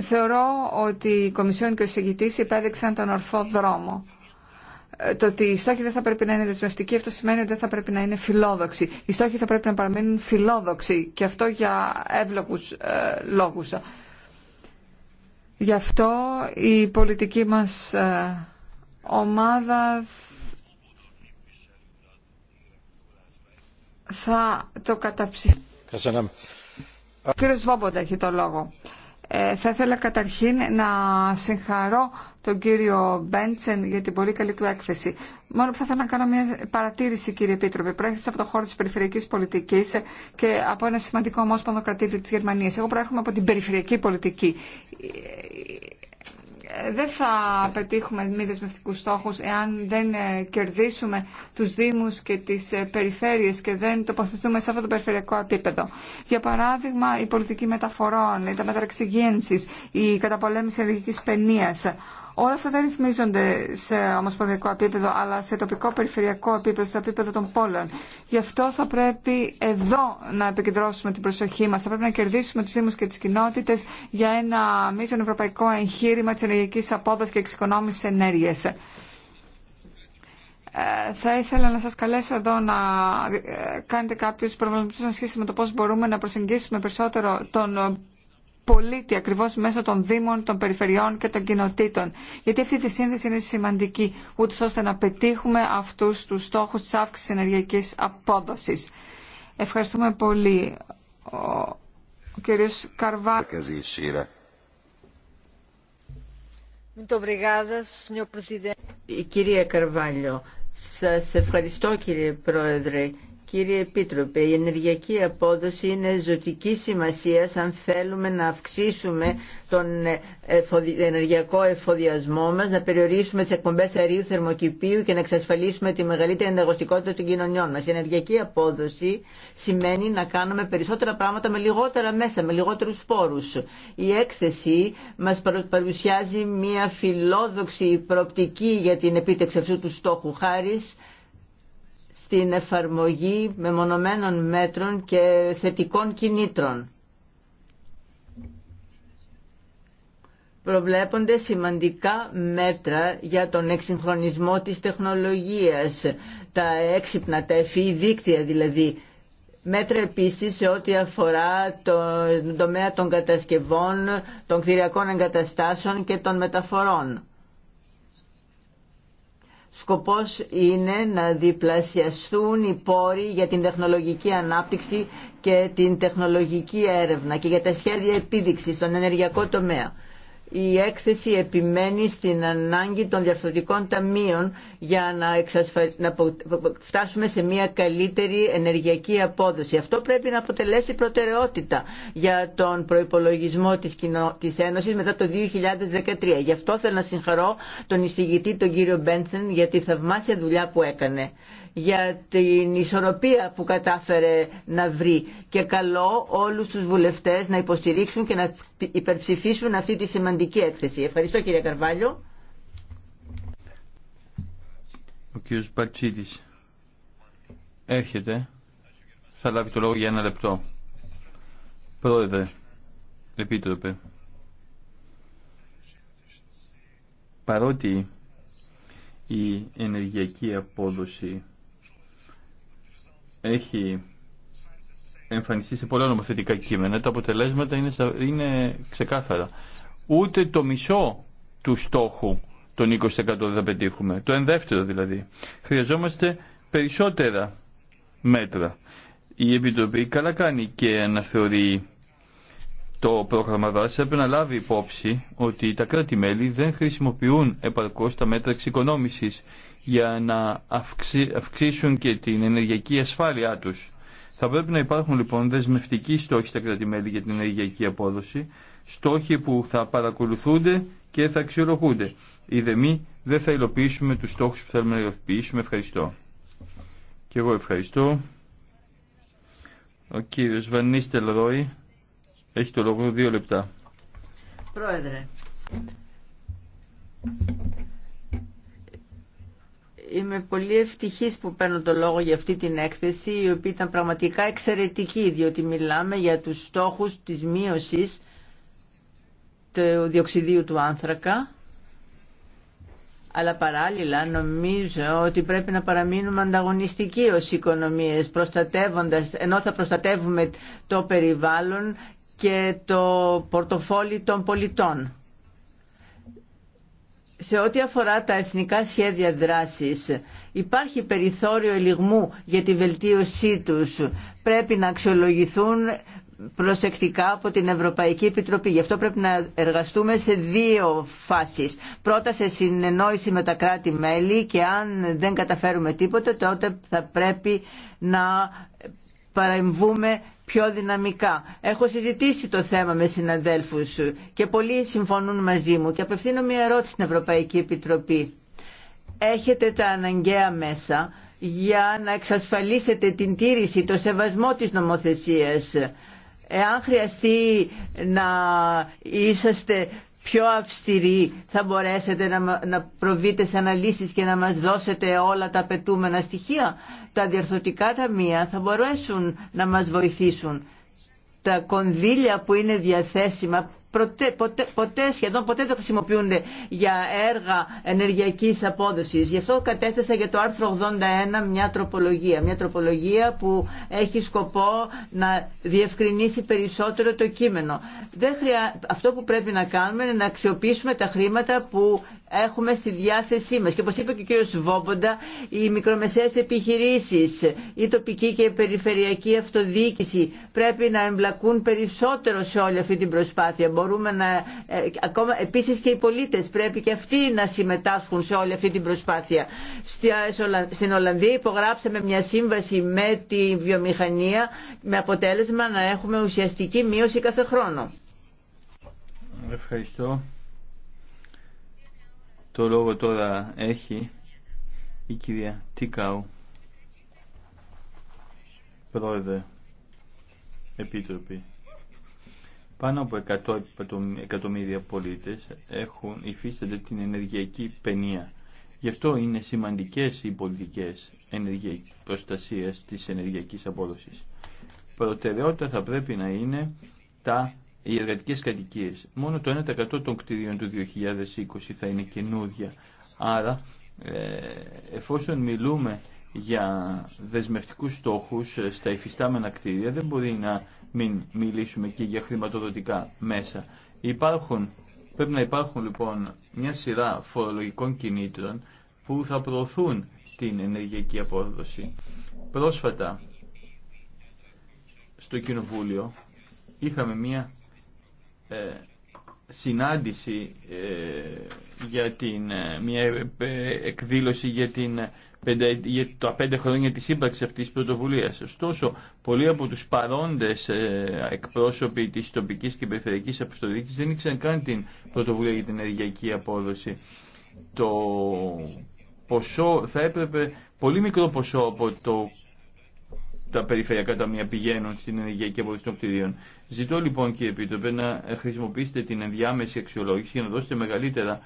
D: Θεωρώ ότι η Κομισιόν και ο Συγητής υπέδειξαν τον ορθό δρόμο το ότι οι στόχοι δεν θα πρέπει να είναι δεσμευτικοί, αυτό σημαίνει ότι δεν θα πρέπει να είναι φιλόδοξοι. Οι στόχοι θα πρέπει να παραμείνουν φιλόδοξοι και αυτό για εύλογους ε, λόγους. Γι' αυτό η πολιτική μας ε, ομάδα θα το καταψηφίσει. Ο κύριος Βόμποντα έχει το λόγο. Ε, θα ήθελα καταρχήν να συγχαρώ τον κύριο Μπέντσεν για την πολύ καλή του έκθεση. Μόνο που θα ήθελα να κάνω μια παρατήρηση, κύριε Επίτροπε. Προέρχεστε από το χώρο τη περιφερειακή πολιτική και από ένα σημαντικό ομόσπονδο κρατήδιο τη Γερμανία. Εγώ προέρχομαι από την περιφερειακή πολιτική δεν θα πετύχουμε μη δεσμευτικού στόχου εάν δεν ε, κερδίσουμε τους Δήμους και τις ε, περιφέρειες και δεν τοποθετούμε σε αυτό το περιφερειακό επίπεδο. Για παράδειγμα, η πολιτική μεταφορών, τα μεταραξυγένσεις, η καταπολέμηση ενεργικής πενίας. Όλα αυτά δεν ρυθμίζονται σε ομοσπονδιακό επίπεδο, αλλά σε τοπικό περιφερειακό επίπεδο, στο επίπεδο των πόλεων. Γι' αυτό θα πρέπει εδώ να επικεντρώσουμε την προσοχή μα. Θα πρέπει να κερδίσουμε του Δήμου και τι κοινότητε για ένα μείζον ευρωπαϊκό εγχείρημα τη ενεργειακή απόδοση και εξοικονόμηση ενέργεια. Ε, θα ήθελα να σας καλέσω εδώ να ε, κάνετε κάποιους προβληματισμούς σχέση με το πώς μπορούμε να προσεγγίσουμε περισσότερο τον πολίτη ακριβώς μέσω των δήμων, των περιφερειών και των κοινοτήτων. Γιατί αυτή τη σύνδεση είναι σημαντική, ούτω ώστε να πετύχουμε αυτούς τους στόχους της αύξησης ενεργειακής απόδοσης. Ευχαριστούμε πολύ. Ο κύριος Καρβά...
A: Η κυρία Καρβάλιο, σας ευχαριστώ κύριε Πρόεδρε Κύριε Επίτροπε, η ενεργειακή απόδοση είναι ζωτική σημασία αν θέλουμε να αυξήσουμε τον ενεργειακό εφοδιασμό μας, να περιορίσουμε τι εκπομπέ αερίου θερμοκηπίου και να εξασφαλίσουμε τη μεγαλύτερη ενταγωστικότητα των κοινωνιών μα. Η ενεργειακή απόδοση σημαίνει να κάνουμε περισσότερα πράγματα με λιγότερα μέσα, με λιγότερου πόρους. Η έκθεση μα παρουσιάζει μια φιλόδοξη προοπτική για την επίτευξη αυτού του στόχου χάρη στην εφαρμογή μεμονωμένων μέτρων και θετικών κινήτρων. προβλέπονται σημαντικά μέτρα για τον εξυγχρονισμό της τεχνολογίας, τα έξυπνα, τα εφή δίκτυα δηλαδή. Μέτρα επίσης σε ό,τι αφορά το τομέα των κατασκευών, των κτηριακών εγκαταστάσεων και των μεταφορών. Σκοπός είναι να διπλασιαστούν οι πόροι για την τεχνολογική ανάπτυξη και την τεχνολογική έρευνα και για τα σχέδια επίδειξης στον ενεργειακό τομέα η έκθεση επιμένει στην ανάγκη των διαφορετικών ταμείων για να, φτάσουμε σε μια καλύτερη ενεργειακή απόδοση. Αυτό πρέπει να αποτελέσει προτεραιότητα για τον προϋπολογισμό της, κοινο... της Ένωσης μετά το 2013. Γι' αυτό θέλω να συγχαρώ τον εισηγητή τον κύριο Μπέντσεν για τη θαυμάσια δουλειά που έκανε για την ισορροπία που κατάφερε να βρει και καλό όλους τους βουλευτές να υποστηρίξουν και να υπερψηφίσουν αυτή τη σημαντική έκθεση. Ευχαριστώ κύριε Καρβάλιο.
B: Ο κύριος Μπαρτσίδης έρχεται. Θα λάβει το λόγο για ένα λεπτό. Πρόεδρε, επίτροπε, παρότι η ενεργειακή απόδοση έχει εμφανιστεί σε πολλά νομοθετικά κείμενα, τα αποτελέσματα είναι, είναι ξεκάθαρα. Ούτε το μισό του στόχου των 20% δεν θα πετύχουμε. Το ενδεύτερο δηλαδή. Χρειαζόμαστε περισσότερα μέτρα. Η Επιτροπή καλά κάνει και αναθεωρεί το πρόγραμμα δράση έπρεπε να λάβει υπόψη ότι τα κράτη-μέλη δεν χρησιμοποιούν επαρκώς τα μέτρα εξοικονόμησης για να αυξήσουν και την ενεργειακή ασφάλειά τους. Θα πρέπει να υπάρχουν λοιπόν δεσμευτικοί στόχοι στα κρατημέλη για την ενεργειακή απόδοση, στόχοι που θα παρακολουθούνται και θα αξιολογούνται. Είδε μη, δεν θα υλοποιήσουμε τους στόχους που θέλουμε να υλοποιήσουμε. Ευχαριστώ. Και εγώ ευχαριστώ. Ο κύριος Βανίστελ Ρόι έχει το λόγο δύο λεπτά.
A: Πρόεδρε, Είμαι πολύ ευτυχής που παίρνω το λόγο για αυτή την έκθεση, η οποία ήταν πραγματικά εξαιρετική, διότι μιλάμε για τους στόχους της μείωσης του διοξιδίου του άνθρακα, αλλά παράλληλα νομίζω ότι πρέπει να παραμείνουμε ανταγωνιστικοί ως οικονομίες, προστατεύοντας, ενώ θα προστατεύουμε το περιβάλλον και το πορτοφόλι των πολιτών σε ό,τι αφορά τα εθνικά σχέδια δράσης, υπάρχει περιθώριο ελιγμού για τη βελτίωσή τους. Πρέπει να αξιολογηθούν προσεκτικά από την Ευρωπαϊκή Επιτροπή. Γι' αυτό πρέπει να εργαστούμε σε δύο φάσεις. Πρώτα σε συνεννόηση με τα κράτη-μέλη και αν δεν καταφέρουμε τίποτε τότε θα πρέπει να παρεμβούμε πιο δυναμικά. Έχω συζητήσει το θέμα με συναδέλφους και πολλοί συμφωνούν μαζί μου και απευθύνω μια ερώτηση στην Ευρωπαϊκή Επιτροπή. Έχετε τα αναγκαία μέσα για να εξασφαλίσετε την τήρηση, το σεβασμό της νομοθεσίας. Εάν χρειαστεί να είσαστε πιο αυστηροί θα μπορέσετε να προβείτε σε αναλύσεις και να μας δώσετε όλα τα απαιτούμενα στοιχεία. Τα διορθωτικά ταμεία θα μπορέσουν να μας βοηθήσουν. Τα κονδύλια που είναι διαθέσιμα ποτέ, ποτέ, ποτέ, σχεδόν ποτέ δεν χρησιμοποιούνται για έργα ενεργειακής απόδοσης. Γι' αυτό κατέθεσα για το άρθρο 81 μια τροπολογία. Μια τροπολογία που έχει σκοπό να διευκρινίσει περισσότερο το κείμενο. Δεν χρειά... Αυτό που πρέπει να κάνουμε είναι να αξιοποιήσουμε τα χρήματα που έχουμε στη διάθεσή μας. Και όπως είπε και ο κύριος Βόμποντα, οι μικρομεσαίες επιχειρήσεις, η τοπική και η περιφερειακή αυτοδιοίκηση πρέπει να εμπλακούν περισσότερο σε όλη αυτή την προσπάθεια. Μπορούμε να, ε, ακόμα, επίσης και οι πολίτες πρέπει και αυτοί να συμμετάσχουν σε όλη αυτή την προσπάθεια. Στην Ολλανδία υπογράψαμε μια σύμβαση με τη βιομηχανία με αποτέλεσμα να έχουμε ουσιαστική μείωση κάθε χρόνο.
B: Ευχαριστώ. Το λόγο τώρα έχει η κυρία Τικάου. Πρόεδρε, Επίτροπη. Πάνω από 100 εκατομμύρια πολίτες έχουν υφίστανται την ενεργειακή παινία. Γι' αυτό είναι σημαντικές οι πολιτικές προστασία της ενεργειακής απόδοσης. Προτεραιότητα θα πρέπει να είναι τα οι εργατικέ κατοικίε. Μόνο το 1% των κτηρίων του 2020 θα είναι καινούργια. Άρα, ε, εφόσον μιλούμε για δεσμευτικούς στόχους ε, στα υφιστάμενα κτίρια, δεν μπορεί να μην μιλήσουμε και για χρηματοδοτικά μέσα. Υπάρχουν, πρέπει να υπάρχουν λοιπόν μια σειρά φορολογικών κινήτρων που θα προωθούν την ενεργειακή απόδοση. Πρόσφατα στο Κοινοβούλιο είχαμε μια ε, συνάντηση ε, για την, ε, μια εκδήλωση για, την, για τα πέντε χρόνια της ύπαρξης αυτής της πρωτοβουλίας. Ωστόσο, πολλοί από τους παρόντες εκπρόσωποι της τοπικής και περιφερειακής αυτοδιοίκησης δεν ήξεραν καν την πρωτοβουλία για την ενεργειακή απόδοση. Το ποσό θα έπρεπε πολύ μικρό ποσό από το τα περιφερειακά ταμεία πηγαίνουν στην ενεργειακή αποδοχή των κτηρίων. Ζητώ λοιπόν κύριε Επίτροπε να χρησιμοποιήσετε την ενδιάμεση αξιολόγηση για να δώσετε μεγαλύτερα,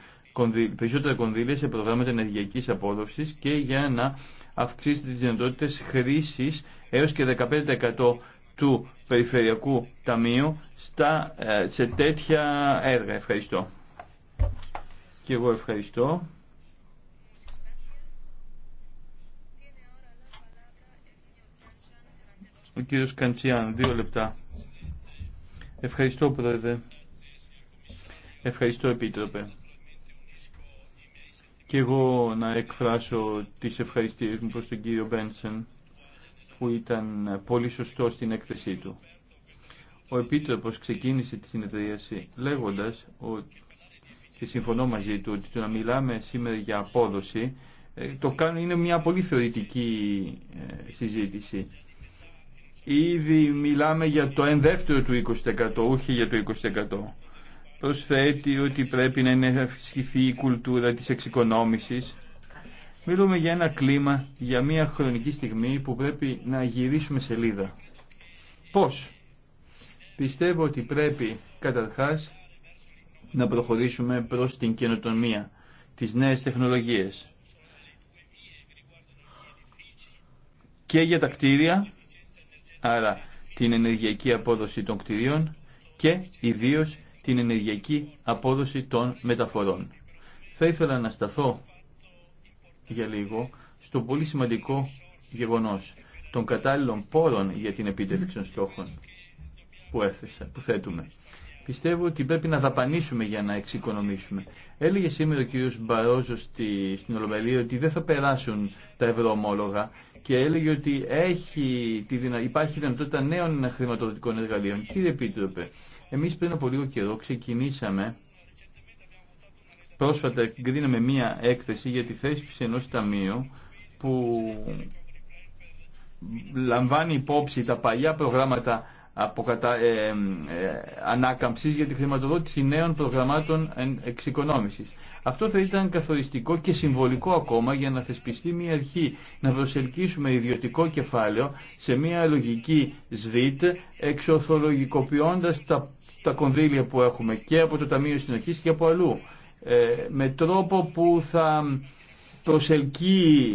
B: περισσότερα κονδύλια σε προγράμματα ενεργειακής απόδοση και για να αυξήσετε τι δυνατότητε χρήση έως και 15% του Περιφερειακού Ταμείου στα, ε, σε τέτοια έργα. Ευχαριστώ. ευχαριστώ. Ο κύριος Καντσιάν, δύο λεπτά. Ευχαριστώ, Πρόεδρε. Ευχαριστώ, Επίτροπε. Και εγώ να εκφράσω τις ευχαριστίες μου προς τον κύριο Μπένσεν, που ήταν πολύ σωστό στην έκθεσή του. Ο Επίτροπος ξεκίνησε τη συνεδρίαση λέγοντας ότι και συμφωνώ μαζί του ότι το να μιλάμε σήμερα για απόδοση ε, το κάνει είναι μια πολύ θεωρητική ε, συζήτηση. Ήδη μιλάμε για το ενδεύτερο του 20%, όχι για το 20%. Προσθέτει ότι πρέπει να ενισχυθεί η κουλτούρα της εξοικονόμησης. Μιλούμε για ένα κλίμα, για μια χρονική στιγμή που πρέπει να γυρίσουμε σελίδα. Πώς? Πιστεύω ότι πρέπει καταρχάς να προχωρήσουμε προς την καινοτομία, τις νέες τεχνολογίες. Και για τα κτίρια άρα την ενεργειακή απόδοση των κτηρίων και ιδίως την ενεργειακή απόδοση των μεταφορών. Θα ήθελα να σταθώ για λίγο στο πολύ σημαντικό γεγονός των κατάλληλων πόρων για την επίτευξη των στόχων που, έθεσα, που θέτουμε πιστεύω ότι πρέπει να δαπανίσουμε για να εξοικονομήσουμε. Έλεγε σήμερα ο κ. Μπαρόζο στη, στην Ολομελία ότι δεν θα περάσουν τα ευρωομόλογα και έλεγε ότι έχει τη δυνα... υπάρχει δυνατότητα νέων χρηματοδοτικών εργαλείων. Κύριε Επίτροπε, εμείς πριν από λίγο καιρό ξεκινήσαμε πρόσφατα εγκρίναμε μία έκθεση για τη θέση της ενός ταμείου που λαμβάνει υπόψη τα παλιά προγράμματα αποκατα... Ε, ε, ανάκαμψης για τη χρηματοδότηση νέων προγραμμάτων εξοικονόμησης. Αυτό θα ήταν καθοριστικό και συμβολικό ακόμα για να θεσπιστεί μια αρχή, να προσελκύσουμε ιδιωτικό κεφάλαιο σε μια λογική ΣΔΙΤ, εξορθολογικοποιώντας τα, τα κονδύλια που έχουμε και από το Ταμείο Συνοχής και από αλλού, ε, με τρόπο που θα προσελκύει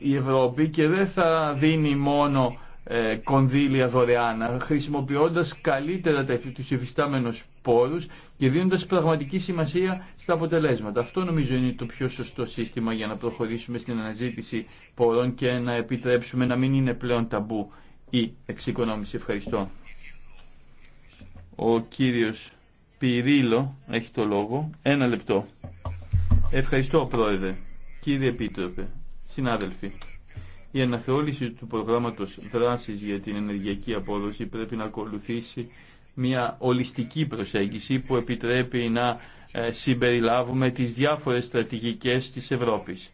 B: η Ευρώπη και δεν θα δίνει μόνο ε, κονδύλια δωρεάν, χρησιμοποιώντας καλύτερα τους υφιστάμενους πόρους και δίνοντας πραγματική σημασία στα αποτελέσματα. Αυτό νομίζω είναι το πιο σωστό σύστημα για να προχωρήσουμε στην αναζήτηση πόρων και να επιτρέψουμε να μην είναι πλέον ταμπού η εξοικονόμηση. Ευχαριστώ. Ο κύριος Πυρίλο έχει το λόγο. Ένα λεπτό. Ευχαριστώ πρόεδρε, κύριε επίτροπε, συνάδελφοι. Η αναθεώρηση του προγράμματος δράσης για την ενεργειακή απόδοση πρέπει να ακολουθήσει μια ολιστική προσέγγιση που επιτρέπει να ε, συμπεριλάβουμε τις διάφορες στρατηγικές της Ευρώπης.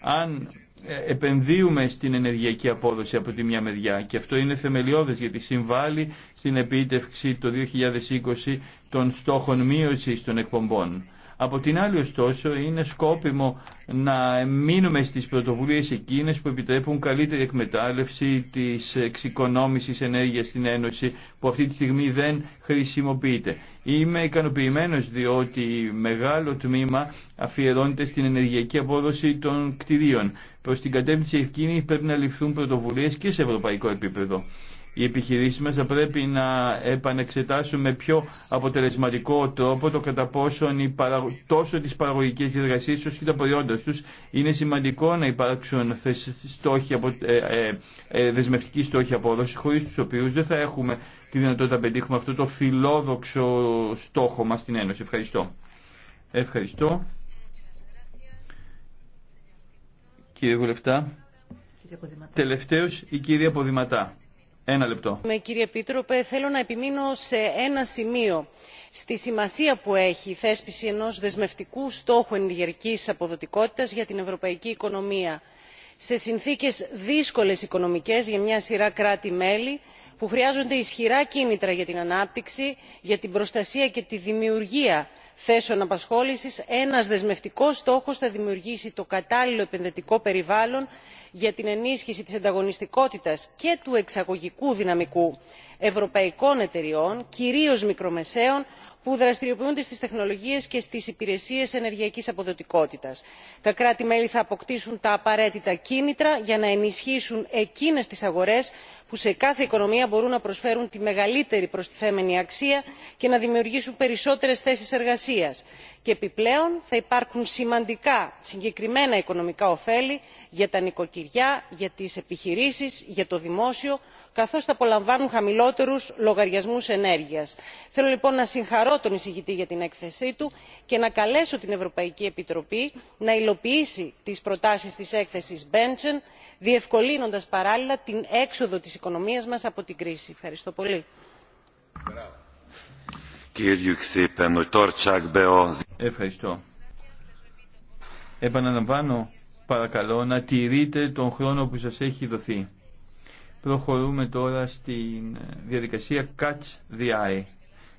B: Αν ε, επενδύουμε στην ενεργειακή απόδοση από τη μια μεριά και αυτό είναι θεμελιώδες γιατί συμβάλλει στην επίτευξη το 2020 των στόχων μείωσης των εκπομπών από την άλλη ωστόσο είναι σκόπιμο να μείνουμε στις πρωτοβουλίες εκείνες που επιτρέπουν καλύτερη εκμετάλλευση της εξοικονόμησης ενέργειας στην Ένωση που αυτή τη στιγμή δεν χρησιμοποιείται. Είμαι ικανοποιημένος διότι μεγάλο τμήμα αφιερώνεται στην ενεργειακή απόδοση των κτηρίων. Προς την κατεύθυνση εκείνη πρέπει να ληφθούν πρωτοβουλίες και σε ευρωπαϊκό επίπεδο οι επιχειρήσεις μας θα πρέπει να επανεξετάσουν με πιο αποτελεσματικό τρόπο το κατά πόσον τόσο τις παραγωγικές διεργασίες όσο και τα προϊόντα τους είναι σημαντικό να υπάρξουν στόχοι απο... ε, ε, ε, δεσμευτικοί στόχοι απόδοση χωρίς τους οποίους δεν θα έχουμε τη δυνατότητα να πετύχουμε αυτό το φιλόδοξο στόχο μας στην Ένωση. Ευχαριστώ. Ευχαριστώ. Κύριε Βουλευτά. Τελευταίος η κυρία Ποδηματά.
C: Κύριε Πίτροπε, θέλω να επιμείνω σε ένα σημείο στη σημασία που έχει η θέσπιση ενός δεσμευτικού στόχου ενεργειακής αποδοτικότητας για την ευρωπαϊκή οικονομία σε συνθήκες δύσκολες οικονομικές για μια σειρά κράτη μέλη που χρειάζονται ισχυρά κίνητρα για την ανάπτυξη για την προστασία και τη δημιουργία θέσεων απασχόλησης ένας δεσμευτικός στόχος θα δημιουργήσει το κατάλληλο επενδυτικό περιβάλλον για την ενίσχυση της ανταγωνιστικότητας και του εξαγωγικού δυναμικού ευρωπαϊκών εταιριών κυρίως μικρομεσαίων που δραστηριοποιούνται στις τεχνολογίες και στις υπηρεσίες ενεργειακής αποδοτικότητας. τα κράτη μέλη θα αποκτήσουν τα απαραίτητα κίνητρα για να ενισχύσουν εκείνες τις αγορές που σε κάθε οικονομία μπορούν να προσφέρουν τη μεγαλύτερη προστιθέμενη αξία και να δημιουργήσουν περισσότερες θέσει εργασία. και επιπλέον θα υπάρχουν σημαντικά συγκεκριμένα οικονομικά ωφέλη για τα νοικοκυριά για τι επιχειρήσει, για το δημόσιο καθώ θα απολαμβάνουν χαμηλότερου λογαριασμού ενέργεια. θέλω λοιπόν να συγχαρώ τον εισηγητή για την έκθεσή του και να καλέσω την ευρωπαϊκή επιτροπή να υλοποιήσει τι προτάσει τη έκθεση μπεντσεν διευκολύνοντα παράλληλα την έξοδο τη οικονομία μα από την κρίση. ευχαριστώ πολύ.
B: Ευχαριστώ. Επαναλαμβάνω παρακαλώ να τηρείτε τον χρόνο που σας έχει δοθεί. Προχωρούμε τώρα στη ε, διαδικασία Catch the Eye.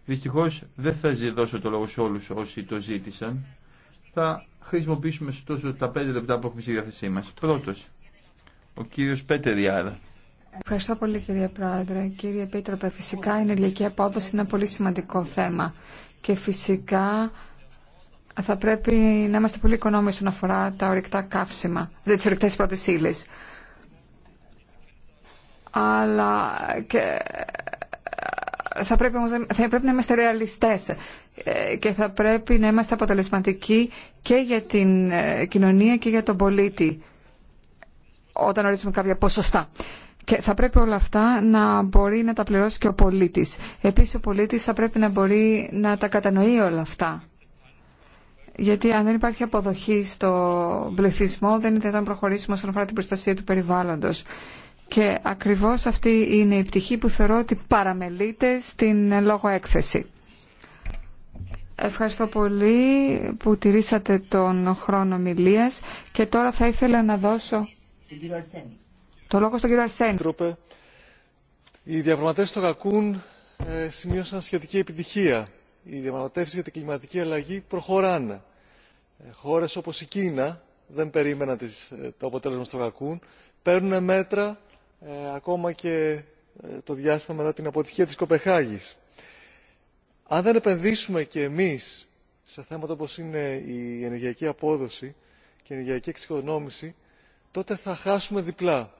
B: Δυστυχώς δεν θα δώσω το λόγο σε όλους όσοι το ζήτησαν. Θα χρησιμοποιήσουμε στόσο τα πέντε λεπτά που έχουμε στη διάθεσή μας. Πρώτος, ο κύριος Πέτερ Ιάρα.
D: Ευχαριστώ πολύ κύριε Πρόεδρε. Κύριε Πίτροπε, φυσικά η ενεργειακή απόδοση είναι ένα πολύ σημαντικό θέμα και φυσικά θα πρέπει να είμαστε πολύ οικονόμοι όσον αφορά τα ορυκτά καύσιμα, δηλαδή τις ορυκτές πρώτες αλλά θα πρέπει, όμως, να είμαστε ρεαλιστές ε, και θα πρέπει να είμαστε αποτελεσματικοί και για την ε, κοινωνία και για τον πολίτη όταν ορίζουμε κάποια ποσοστά. Και θα πρέπει όλα αυτά να μπορεί να τα πληρώσει και ο πολίτης. Επίσης ο πολίτης θα πρέπει να μπορεί να τα κατανοεί όλα αυτά. Γιατί αν δεν υπάρχει αποδοχή στο πληθυσμό δεν είναι δυνατόν να προχωρήσουμε όσον αφορά την προστασία του περιβάλλοντος. Και ακριβώς αυτή είναι η πτυχή που θεωρώ ότι παραμελείται στην λόγω έκθεση. Ευχαριστώ πολύ που τηρήσατε τον χρόνο μιλίας και τώρα θα ήθελα να δώσω το λόγο στον κύριο Αρσένη.
E: Οι διαπραγματεύσει στο Κακούν ε, σημείωσαν σχετική επιτυχία. Οι διαπραγματεύσει για την κλιματική αλλαγή προχωράνε. Ε, χώρες όπως η Κίνα δεν περίμεναν ε, το αποτέλεσμα στο Κακούν. Παίρνουν μέτρα ε, ακόμα και ε, το διάστημα μετά την αποτυχία της Κοπεχάγης. Αν δεν επενδύσουμε και εμείς σε θέματα όπως είναι η ενεργειακή απόδοση και η ενεργειακή εξοικονόμηση, τότε θα χάσουμε διπλά.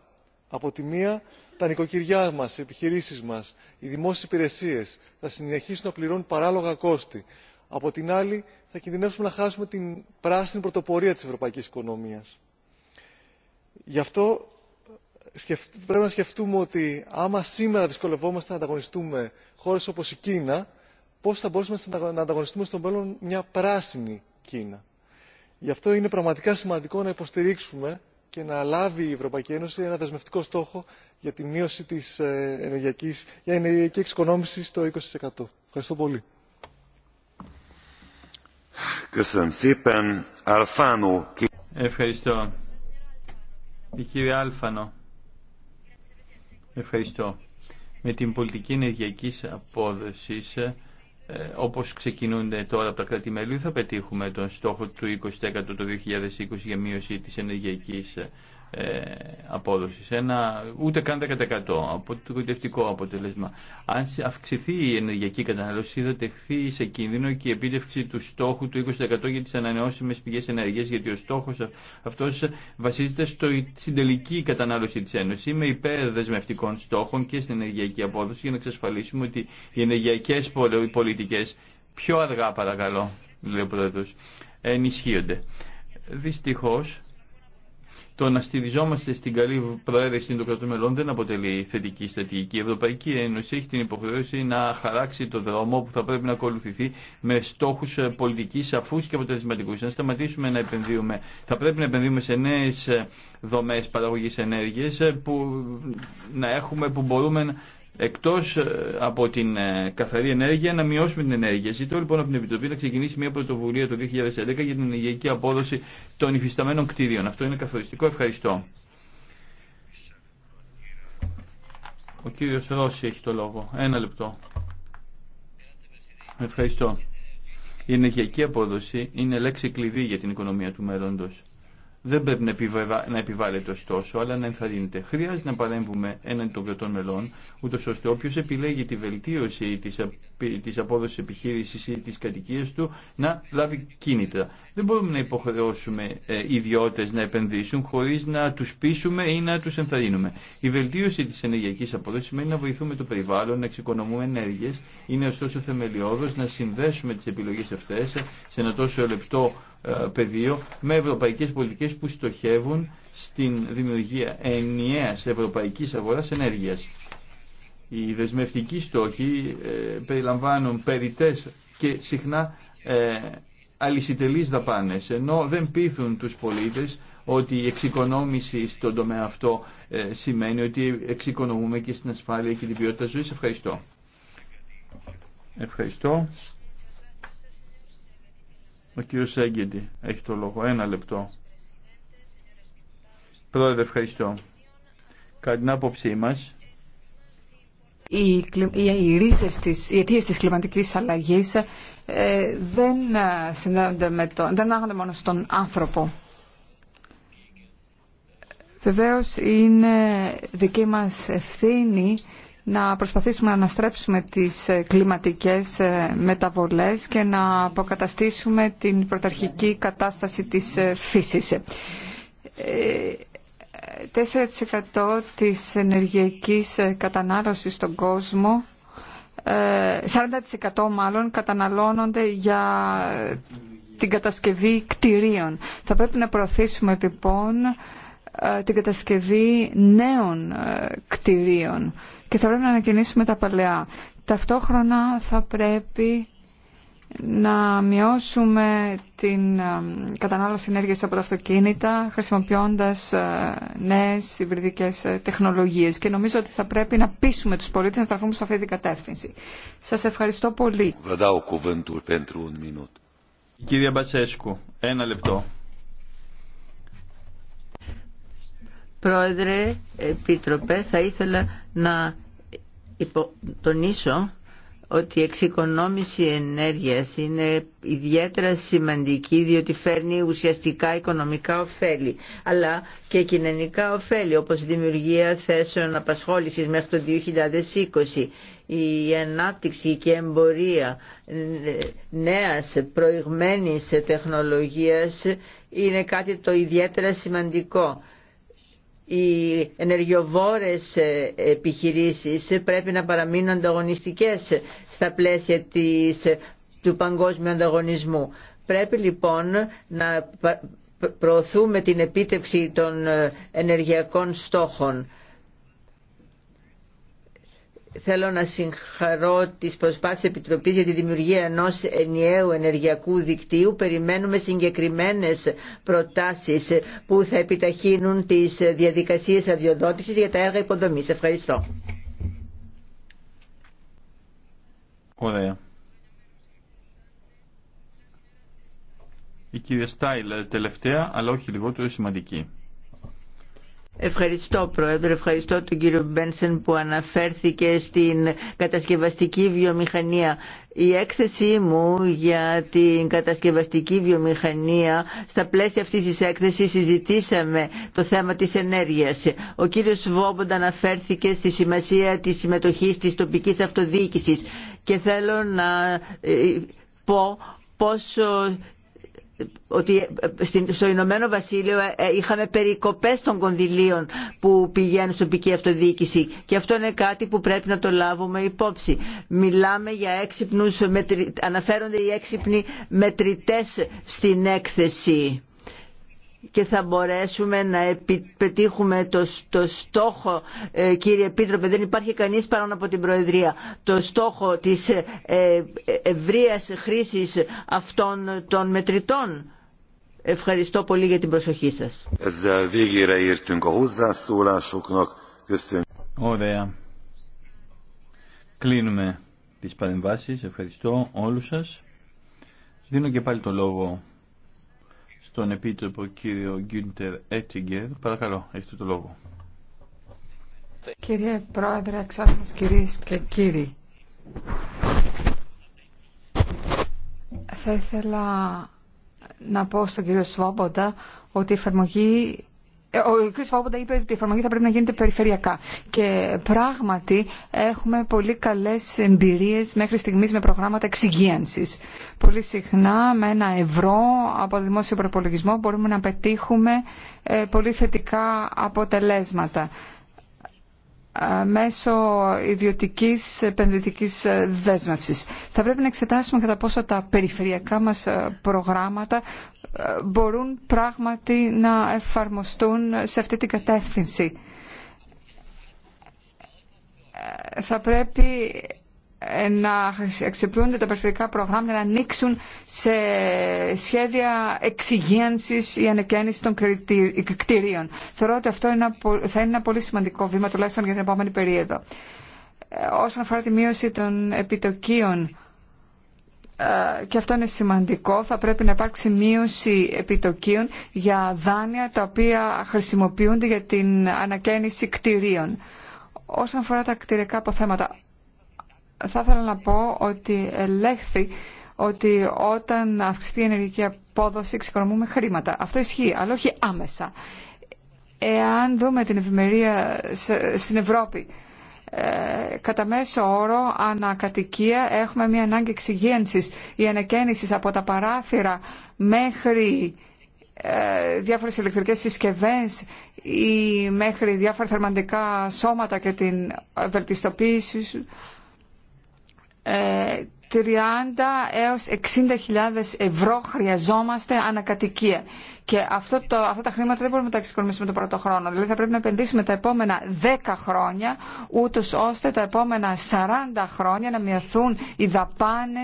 E: Από τη μία, τα νοικοκυριά μας, οι επιχειρήσεις μας, οι δημόσιες υπηρεσίες θα συνεχίσουν να πληρώνουν παράλογα κόστη. Από την άλλη, θα κινδυνεύσουμε να χάσουμε την πράσινη πρωτοπορία της ευρωπαϊκής οικονομίας. Γι' αυτό πρέπει να σκεφτούμε ότι άμα σήμερα δυσκολευόμαστε να ανταγωνιστούμε χώρες όπως η κίνα πώς θα μπορούσαμε να ανταγωνιστούμε στο μέλλον μια πράσινη κίνα. γι' αυτό είναι πραγματικά σημαντικό να υποστηρίξουμε και να λάβει η ευρωπαϊκή ένωση ένα δεσμευτικό στόχο για τη μείωση της ε, ενεργειακής για ενεργειακή εξοικονόμηση στο. 20%. Ευχαριστώ πολύ. Ευχαριστώ.
B: Η κυρία Αλφάνο. Ευχαριστώ. Με την πολιτική ενεργειακής απόδοσης ε, όπως ξεκινούνται τώρα από τα κράτη-μέλη, θα πετύχουμε τον στόχο του 20% το 2020 για μείωση της ενεργειακής ε, απόδοσης, ένα, ούτε καν 10% από το κοντευτικό αποτέλεσμα. Αν αυξηθεί η ενεργειακή κατανάλωση θα τεχθεί σε κίνδυνο και η επίτευξη του στόχου του 20% για τι ανανεώσιμε πηγέ ενέργεια, γιατί ο στόχος αυτός βασίζεται στο, στην τελική κατανάλωση της Ένωση, με υπέρ δεσμευτικών στόχων και στην ενεργειακή απόδοση για να εξασφαλίσουμε ότι οι ενεργειακέ πολιτικέ πιο αργά παρακαλώ, λέει ο ενισχύονται. Δυστυχώς, το να στηριζόμαστε στην καλή προαίρεση των κρατών μελών δεν αποτελεί θετική στρατηγική. Η Ευρωπαϊκή Ένωση έχει την υποχρέωση να χαράξει το δρόμο που θα πρέπει να ακολουθηθεί με στόχου ε, πολιτική σαφού και αποτελεσματικού. Να σταματήσουμε να επενδύουμε. Θα πρέπει να επενδύουμε σε νέε δομέ παραγωγή ενέργεια ε, που, να που μπορούμε εκτός ε, από την ε, καθαρή ενέργεια να μειώσουμε την ενέργεια. Ζητώ λοιπόν από την Επιτροπή να ξεκινήσει μια πρωτοβουλία το 2011 για την ενεργειακή απόδοση των υφισταμένων κτίριων. Αυτό είναι καθοριστικό. Ευχαριστώ. Ο κύριος Ρώση έχει το λόγο. Ένα λεπτό. Ευχαριστώ. Η ενεργειακή απόδοση είναι λέξη κλειδί για την οικονομία του μέλλοντος δεν πρέπει να, επιβάλλεται ωστόσο, αλλά να ενθαρρύνεται. Χρειάζεται να παρέμβουμε έναν των κρατών μελών, ούτω ώστε όποιο επιλέγει τη βελτίωση τη της απόδοση επιχείρηση ή τη κατοικία του να λάβει κίνητρα. Δεν μπορούμε να υποχρεώσουμε ε, ιδιώτε να επενδύσουν χωρί να του πείσουμε ή να του ενθαρρύνουμε. Η βελτίωση τη ενεργειακή απόδοση σημαίνει να βοηθούμε το περιβάλλον, να εξοικονομούμε ενέργειε. Είναι ωστόσο θεμελιώδο να συνδέσουμε τι επιλογέ αυτέ σε ένα τόσο λεπτό ε, πεδίο με ευρωπαϊκές πολιτικές που στοχεύουν στην δημιουργία ενιαίας ευρωπαϊκής αγοράς ενέργειας. Οι δεσμευτικοί στόχοι ε, περιλαμβάνουν περιτές και συχνά ε, αλυσιτελείς δαπάνες, ενώ δεν πείθουν τους πολίτες ότι η εξοικονόμηση στον τομέα αυτό σημαίνει ότι εξοικονομούμε και στην ασφάλεια και την ποιότητα ζωής. Ευχαριστώ. Ο κύριος Έγκεντη έχει το λόγο. Ένα λεπτό. Πρόεδρε, ευχαριστώ. Κατά την άποψή μας,
D: οι, οι, τη της, οι αιτίε της κλιματικής αλλαγής ε, δεν ε, συνδέονται με το, δεν άγονται μόνο στον άνθρωπο. Βεβαίω είναι δική μας ευθύνη να προσπαθήσουμε να αναστρέψουμε τις ε, κλιματικές ε, μεταβολές και να αποκαταστήσουμε την πρωταρχική κατάσταση της ε, φύσης. 4% της ενεργειακής κατανάλωσης στον κόσμο 40% μάλλον καταναλώνονται για την κατασκευή κτηρίων. Θα πρέπει να προωθήσουμε λοιπόν ε, την κατασκευή νέων ε, κτηρίων και θα πρέπει να ανακαινήσουμε τα παλαιά. Ταυτόχρονα θα πρέπει να μειώσουμε την ε, κατανάλωση ενέργειας από τα αυτοκίνητα χρησιμοποιώντας νέες υβριδικές τεχνολογίες και νομίζω ότι θα πρέπει να πείσουμε τους πολίτες να στραφούμε σε αυτή την κατεύθυνση. Σας ευχαριστώ πολύ.
B: Κύριε Μπατσέσκου, ένα λεπτό.
D: Πρόεδρε,
A: Επίτροπε, θα ήθελα να τονίσω ότι η εξοικονόμηση ενέργειας είναι ιδιαίτερα σημαντική διότι φέρνει ουσιαστικά οικονομικά ωφέλη αλλά και κοινωνικά ωφέλη όπως δημιουργία θέσεων απασχόλησης μέχρι το 2020 η ανάπτυξη και εμπορία νέας προηγμένης τεχνολογίας είναι κάτι το ιδιαίτερα σημαντικό οι ενεργειοβόρες ε, επιχειρήσεις πρέπει να παραμείνουν ανταγωνιστικές στα πλαίσια της, του παγκόσμιου ανταγωνισμού. Πρέπει λοιπόν να προωθούμε την επίτευξη των ε, ενεργειακών στόχων Θέλω να συγχαρώ τις προσπάθειες Επιτροπής για τη δημιουργία ενός ενιαίου ενεργειακού δικτύου. Περιμένουμε συγκεκριμένες προτάσεις που θα επιταχύνουν τις διαδικασίες αδειοδότησης για τα έργα υποδομής. Ευχαριστώ.
B: Ωραία. Η κυρία Στάιλ τελευταία, αλλά όχι λιγότερο σημαντική.
A: Ευχαριστώ Πρόεδρε, ευχαριστώ τον κύριο Μπένσεν που αναφέρθηκε στην κατασκευαστική βιομηχανία. Η έκθεσή μου για την κατασκευαστική βιομηχανία, στα πλαίσια αυτής της έκθεσης συζητήσαμε το θέμα της ενέργειας. Ο κύριος Βόμποντα αναφέρθηκε στη σημασία της συμμετοχής της τοπικής αυτοδιοίκησης και θέλω να ε, πω πόσο ότι ε, στο Ηνωμένο Βασίλειο ε, ε, είχαμε περικοπές των κονδυλίων που πηγαίνουν στην τοπική αυτοδιοίκηση και αυτό είναι κάτι που πρέπει να το λάβουμε υπόψη. Μιλάμε για έξυπνους, αναφέρονται οι έξυπνοι μετρητές στην έκθεση και θα μπορέσουμε να πετύχουμε το, το στόχο, ε, κύριε Επίτροπε, δεν υπάρχει κανείς πάνω από την Προεδρία, το στόχο της ε, ε, ευρείας χρήσης αυτών των μετρητών. Ευχαριστώ πολύ για την προσοχή σας.
B: Ωραία. Κλείνουμε τις παρεμβάσεις. Ευχαριστώ όλους σας. Δίνω και πάλι το λόγο τον Επίτροπο κύριο Γκίντερ Έτιγκερ. Παρακαλώ, έχετε το λόγο.
D: Κύριε Πρόεδρε, εξάρτητες κυρίες και κύριοι, θα ήθελα να πω στον κύριο Σβόμποντα ότι η εφαρμογή ε, ο κ. Φόβοντα είπε ότι η εφαρμογή θα πρέπει να γίνεται περιφερειακά. Και πράγματι έχουμε πολύ καλέ εμπειρίε μέχρι στιγμή με προγράμματα εξυγίανση. Πολύ συχνά με ένα ευρώ από δημόσιο προπολογισμό μπορούμε να πετύχουμε ε, πολύ θετικά αποτελέσματα. Ε, μέσω ιδιωτικής επενδυτικής ε, δέσμευσης. Θα πρέπει να εξετάσουμε κατά πόσο τα περιφερειακά μας ε, προγράμματα μπορούν πράγματι να εφαρμοστούν σε αυτή την κατεύθυνση. Θα πρέπει ε, να αξιοποιούνται τα περιφερειακά προγράμματα να ανοίξουν σε σχέδια εξυγίανσης ή ανεκαίνησης των κτηρίων. Θεωρώ ότι αυτό θα είναι ένα πολύ σημαντικό βήμα, τουλάχιστον για την επόμενη περίοδο. Ε, όσον αφορά τη μείωση των επιτοκίων, ε, και αυτό είναι σημαντικό, θα πρέπει να υπάρξει μείωση επιτοκίων για δάνεια τα οποία χρησιμοποιούνται για την ανακαίνιση κτηρίων. Όσον αφορά τα κτηριακά αποθέματα, θα ήθελα να πω ότι ελέγχθη ότι όταν αυξηθεί η ενεργειακή απόδοση εξοικονομούμε χρήματα. Αυτό ισχύει, αλλά όχι άμεσα. Εάν δούμε την ευημερία στην Ευρώπη, ε, κατά μέσο όρο ανακατοικία έχουμε μια ανάγκη εξυγένσης ή ανακαίνησης από τα παράθυρα μέχρι ε, διάφορες ηλεκτρικές συσκευές ή μέχρι διάφορα θερμαντικά σώματα και την βελτιστοποίηση 30 έως 60.000 ευρώ χρειαζόμαστε ανακατοικία. Και αυτό το, αυτά τα χρήματα δεν μπορούμε να τα εξοικονομήσουμε τον πρώτο χρόνο. Δηλαδή θα πρέπει να επενδύσουμε τα επόμενα 10 χρόνια, ούτω ώστε τα επόμενα 40 χρόνια να μειωθούν οι δαπάνε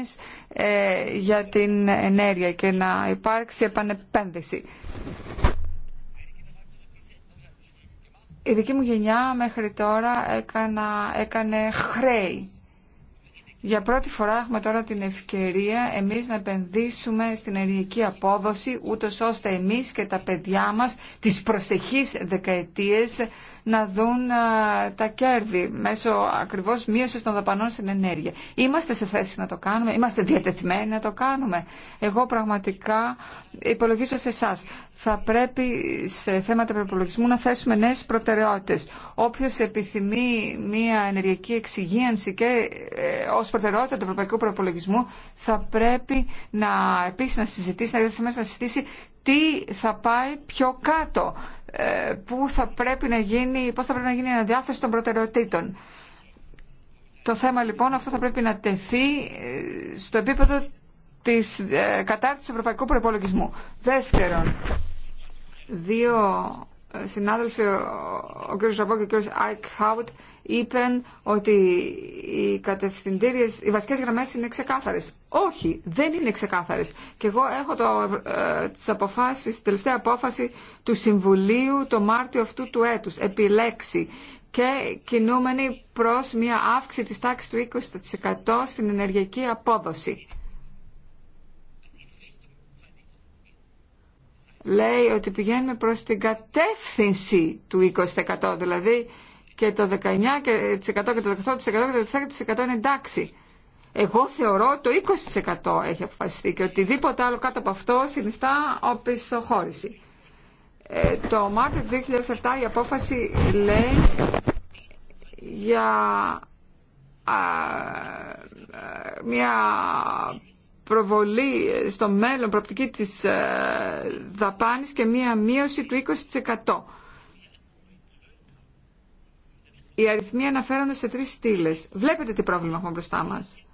D: ε, για την ενέργεια και να υπάρξει επανεπένδυση. Η δική μου γενιά μέχρι τώρα έκανε χρέη για πρώτη φορά έχουμε τώρα την ευκαιρία εμείς να επενδύσουμε στην ενεργειακή απόδοση, ούτω ώστε εμείς και τα παιδιά μας τις προσεχείς δεκαετίες να δουν τα κέρδη μέσω ακριβώς μείωση των δαπανών στην ενέργεια. Είμαστε σε θέση να το κάνουμε, είμαστε διατεθειμένοι να το κάνουμε. Εγώ πραγματικά υπολογίζω σε εσά. Θα πρέπει σε θέματα προπολογισμού να θέσουμε νέε προτεραιότητε. Όποιος επιθυμεί μια ενεργειακή εξυγίανση και ε, ως προτεραιότητα του ευρωπαϊκού προπολογισμού θα πρέπει να επίση να συζητήσει, να διαθέσει να συζητήσει τι θα πάει πιο κάτω ε, που θα πρέπει να γίνει, πώς θα πρέπει να γίνει η αναδιάθεση των προτεραιοτήτων. Το θέμα λοιπόν αυτό θα πρέπει να τεθεί ε, στο επίπεδο της ε, κατάρτισης του ευρωπαϊκού προπολογισμού. Δεύτερον, δύο συνάδελφοι, ο κ. Ζαμπό και ο κ. Άικχαουτ, είπε ότι οι κατευθυντήριες, οι βασικές γραμμές είναι ξεκάθαρες. Όχι, δεν είναι ξεκάθαρες. Και εγώ έχω το, ε, τις αποφάσεις, την τελευταία απόφαση του Συμβουλίου το Μάρτιο αυτού του έτους, επιλέξει και κινούμενοι προς μια αύξηση της τάξης του 20% στην ενεργειακή απόδοση. λέει ότι πηγαίνουμε προς την κατεύθυνση του 20%, δηλαδή και το 19% και το 18% και το 14% είναι εντάξει. Εγώ θεωρώ το 20% έχει αποφασιστεί και οτιδήποτε άλλο κάτω από αυτό συνιστά οπισθοχώρηση. Ε, το Μάρτιο του 2007 η απόφαση λέει για α, ε, μια προβολή στο μέλλον προοπτική της α, ε, δαπάνης και μια μείωση του 20%. Οι αριθμοί αναφέρονται σε τρεις στήλε. Βλέπετε τι πρόβλημα έχουμε μπροστά μας.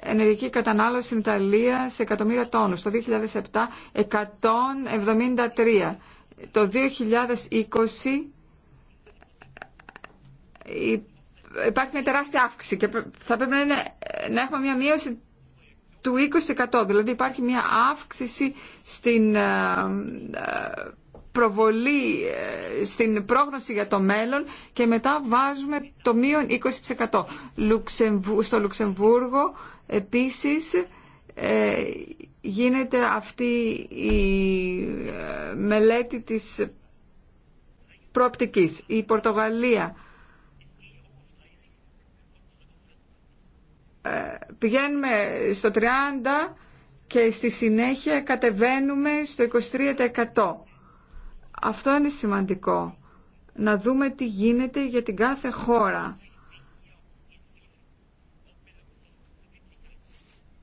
D: Ενεργική κατανάλωση στην Ιταλία σε εκατομμύρια τόνους. Το 2007 173. Το 2020 υπάρχει μια τεράστια αύξηση και θα πρέπει να, να έχουμε μια μείωση του 20%. Δηλαδή υπάρχει μια αύξηση στην ε, ε, προβολή ε, στην πρόγνωση για το μέλλον και μετά βάζουμε το μείον 20%. Στο Λουξεμβούργο επίσης ε, γίνεται αυτή η ε, μελέτη της προοπτικής. Η Πορτογαλία πηγαίνουμε στο 30% και στη συνέχεια κατεβαίνουμε στο 23%. Αυτό είναι σημαντικό. Να δούμε τι γίνεται για την κάθε χώρα.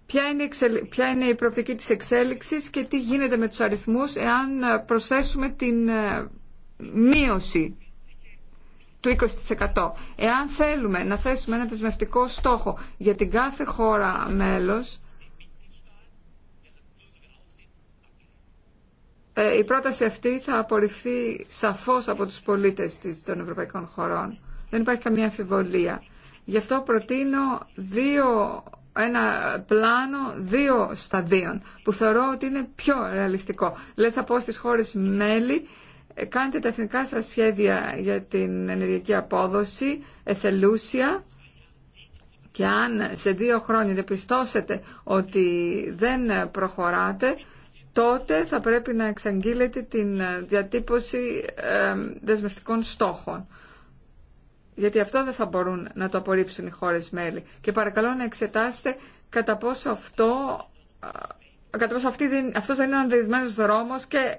D: Ποια είναι, η προοπτική της εξέλιξης και τι γίνεται με τους αριθμούς εάν ε, προσθέσουμε την ε, μείωση του 20%. Εάν θέλουμε να θέσουμε ένα δεσμευτικό στόχο για την κάθε χώρα μέλος, Ε, η πρόταση αυτή θα απορριφθεί σαφώς από τους πολίτες των ευρωπαϊκών χωρών. Δεν υπάρχει καμία αμφιβολία. Γι' αυτό προτείνω δύο, ένα πλάνο δύο σταδίων που θεωρώ ότι είναι πιο ρεαλιστικό. Δηλαδή θα πω στις χώρες μέλη ε, κάντε τα εθνικά σας σχέδια για την ενεργειακή απόδοση, εθελούσια και αν σε δύο χρόνια διαπιστώσετε ότι δεν προχωράτε τότε θα πρέπει να εξαγγείλετε την ε, διατύπωση ε, δεσμευτικών στόχων. Γιατί αυτό δεν θα μπορούν να το απορρίψουν οι χώρες μέλη. Και παρακαλώ να εξετάσετε κατά πόσο αυτό... Ε, κατά πόσο αυτή, αυτός δεν είναι ο ανδεδειγμένος δρόμος και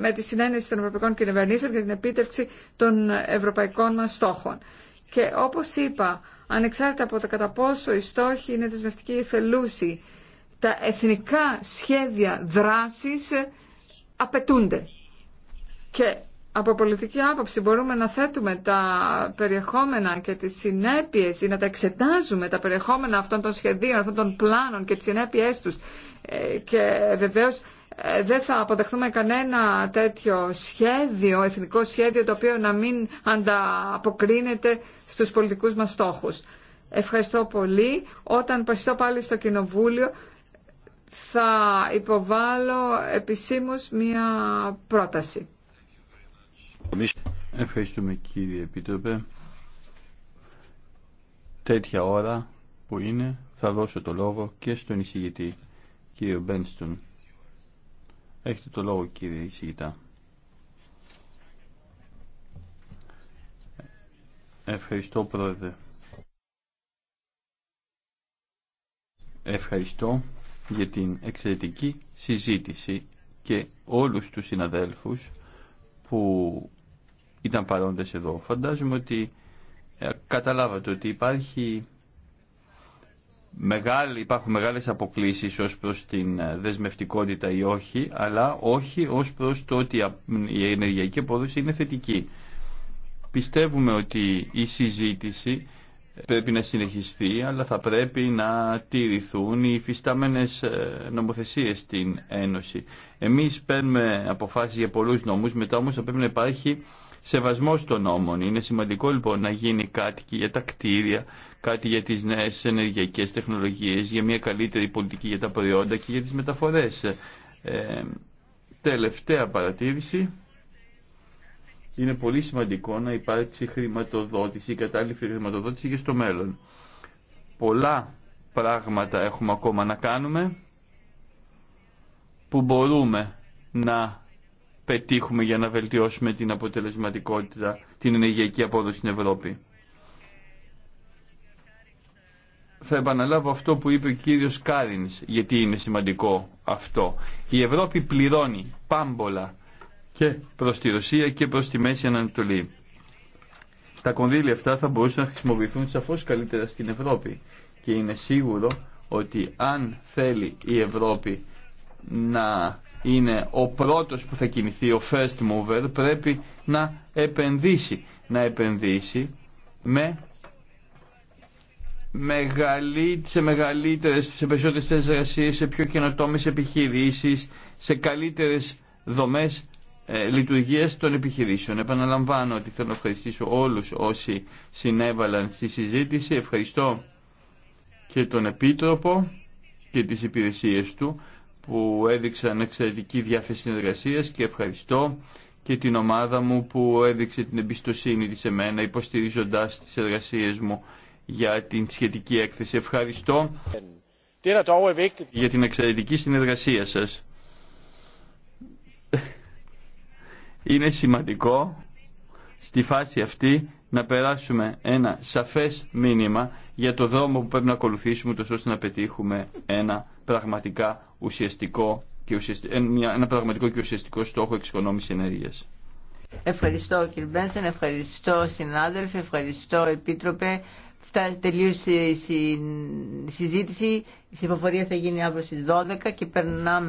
D: με τη συνένεση των ευρωπαϊκών κυβερνήσεων για την επίτευξη των ευρωπαϊκών μας στόχων. Και όπως είπα, ανεξάρτητα από το κατά πόσο οι στόχοι είναι δεσμευτικοί ή θελούσιοι, τα εθνικά σχέδια δράσης απαιτούνται. Και από πολιτική άποψη μπορούμε να θέτουμε τα περιεχόμενα και τις συνέπειες ή να τα εξετάζουμε τα περιεχόμενα αυτών των σχεδίων, αυτών των πλάνων και τις συνέπειές τους. Ε, και βεβαίως ε, δεν θα αποδεχθούμε κανένα τέτοιο σχέδιο, εθνικό σχέδιο, το οποίο να μην ανταποκρίνεται στους πολιτικούς μας στόχους. Ευχαριστώ πολύ. Όταν παριστώ πάλι στο Κοινοβούλιο θα υποβάλω επισήμως μία πρόταση.
B: Ευχαριστούμε κύριε Επίτροπε. Τέτοια ώρα που είναι θα δώσω το λόγο και στον εισηγητή κύριο Μπένστον. Έχετε το λόγο κύριε εισηγητά. Ευχαριστώ πρόεδρε. Ευχαριστώ για την εξαιρετική συζήτηση και όλους τους συναδέλφους που ήταν παρόντες εδώ. Φαντάζομαι ότι ε, καταλάβατε ότι υπάρχει μεγάλη, υπάρχουν μεγάλες αποκλήσεις ως προς την ε, δεσμευτικότητα ή όχι, αλλά όχι ως προς το ότι η ενεργειακή απόδοση είναι θετική. Πιστεύουμε ότι η συζήτηση πρέπει να συνεχιστεί, αλλά θα πρέπει να τηρηθούν οι υφιστάμενες ε, νομοθεσίες στην Ένωση. Εμείς παίρνουμε αποφάσεις για πολλούς νόμους, μετά όμως θα πρέπει να υπάρχει σεβασμός των νόμων. Είναι σημαντικό λοιπόν να γίνει κάτι και για τα κτίρια, κάτι για τις νέες ενεργειακές τεχνολογίες, για μια καλύτερη πολιτική για τα προϊόντα και για τις μεταφορές. Ε, τελευταία παρατήρηση είναι πολύ σημαντικό να υπάρξει χρηματοδότηση, κατάλληλη χρηματοδότηση και στο μέλλον. Πολλά πράγματα έχουμε ακόμα να κάνουμε που μπορούμε να πετύχουμε για να βελτιώσουμε την αποτελεσματικότητα, την ενεργειακή απόδοση στην Ευρώπη. Θα επαναλάβω αυτό που είπε ο κύριος Κάρινς, γιατί είναι σημαντικό αυτό. Η Ευρώπη πληρώνει πάμπολα και προς τη Ρωσία και προς τη Μέση Ανατολή. Τα κονδύλια αυτά θα μπορούσαν να χρησιμοποιηθούν σαφώς καλύτερα στην Ευρώπη και είναι σίγουρο ότι αν θέλει η Ευρώπη να είναι ο πρώτος που θα κινηθεί, ο first mover, πρέπει να επενδύσει. Να επενδύσει με μεγαλύ, σε μεγαλύτερες, σε περισσότερες θέσεις σε πιο καινοτόμες επιχειρήσεις, σε καλύτερες δομές ε, λειτουργία των επιχειρήσεων. Επαναλαμβάνω ότι θέλω να ευχαριστήσω όλους όσοι συνέβαλαν στη συζήτηση. Ευχαριστώ και τον Επίτροπο και τις υπηρεσίες του που έδειξαν εξαιρετική διάθεση συνεργασία και ευχαριστώ και την ομάδα μου που έδειξε την εμπιστοσύνη της σε μένα υποστηρίζοντας τις εργασίες μου για την σχετική έκθεση. Ευχαριστώ er για την εξαιρετική συνεργασία σας. Είναι σημαντικό στη φάση αυτή να περάσουμε ένα σαφές μήνυμα για το δρόμο που πρέπει να ακολουθήσουμε τόσο ώστε να πετύχουμε ένα πραγματικά ουσιαστικό και ουσιαστικό, ένα πραγματικό και ουσιαστικό στόχο εξοικονόμησης ενέργειας.
A: Ευχαριστώ κύριε Μπένσεν, ευχαριστώ συνάδελφοι, ευχαριστώ επίτροπε. Φτά, τελείωσε η συζήτηση, η ψηφοφορία θα γίνει αύριο στις 12 και περνάμε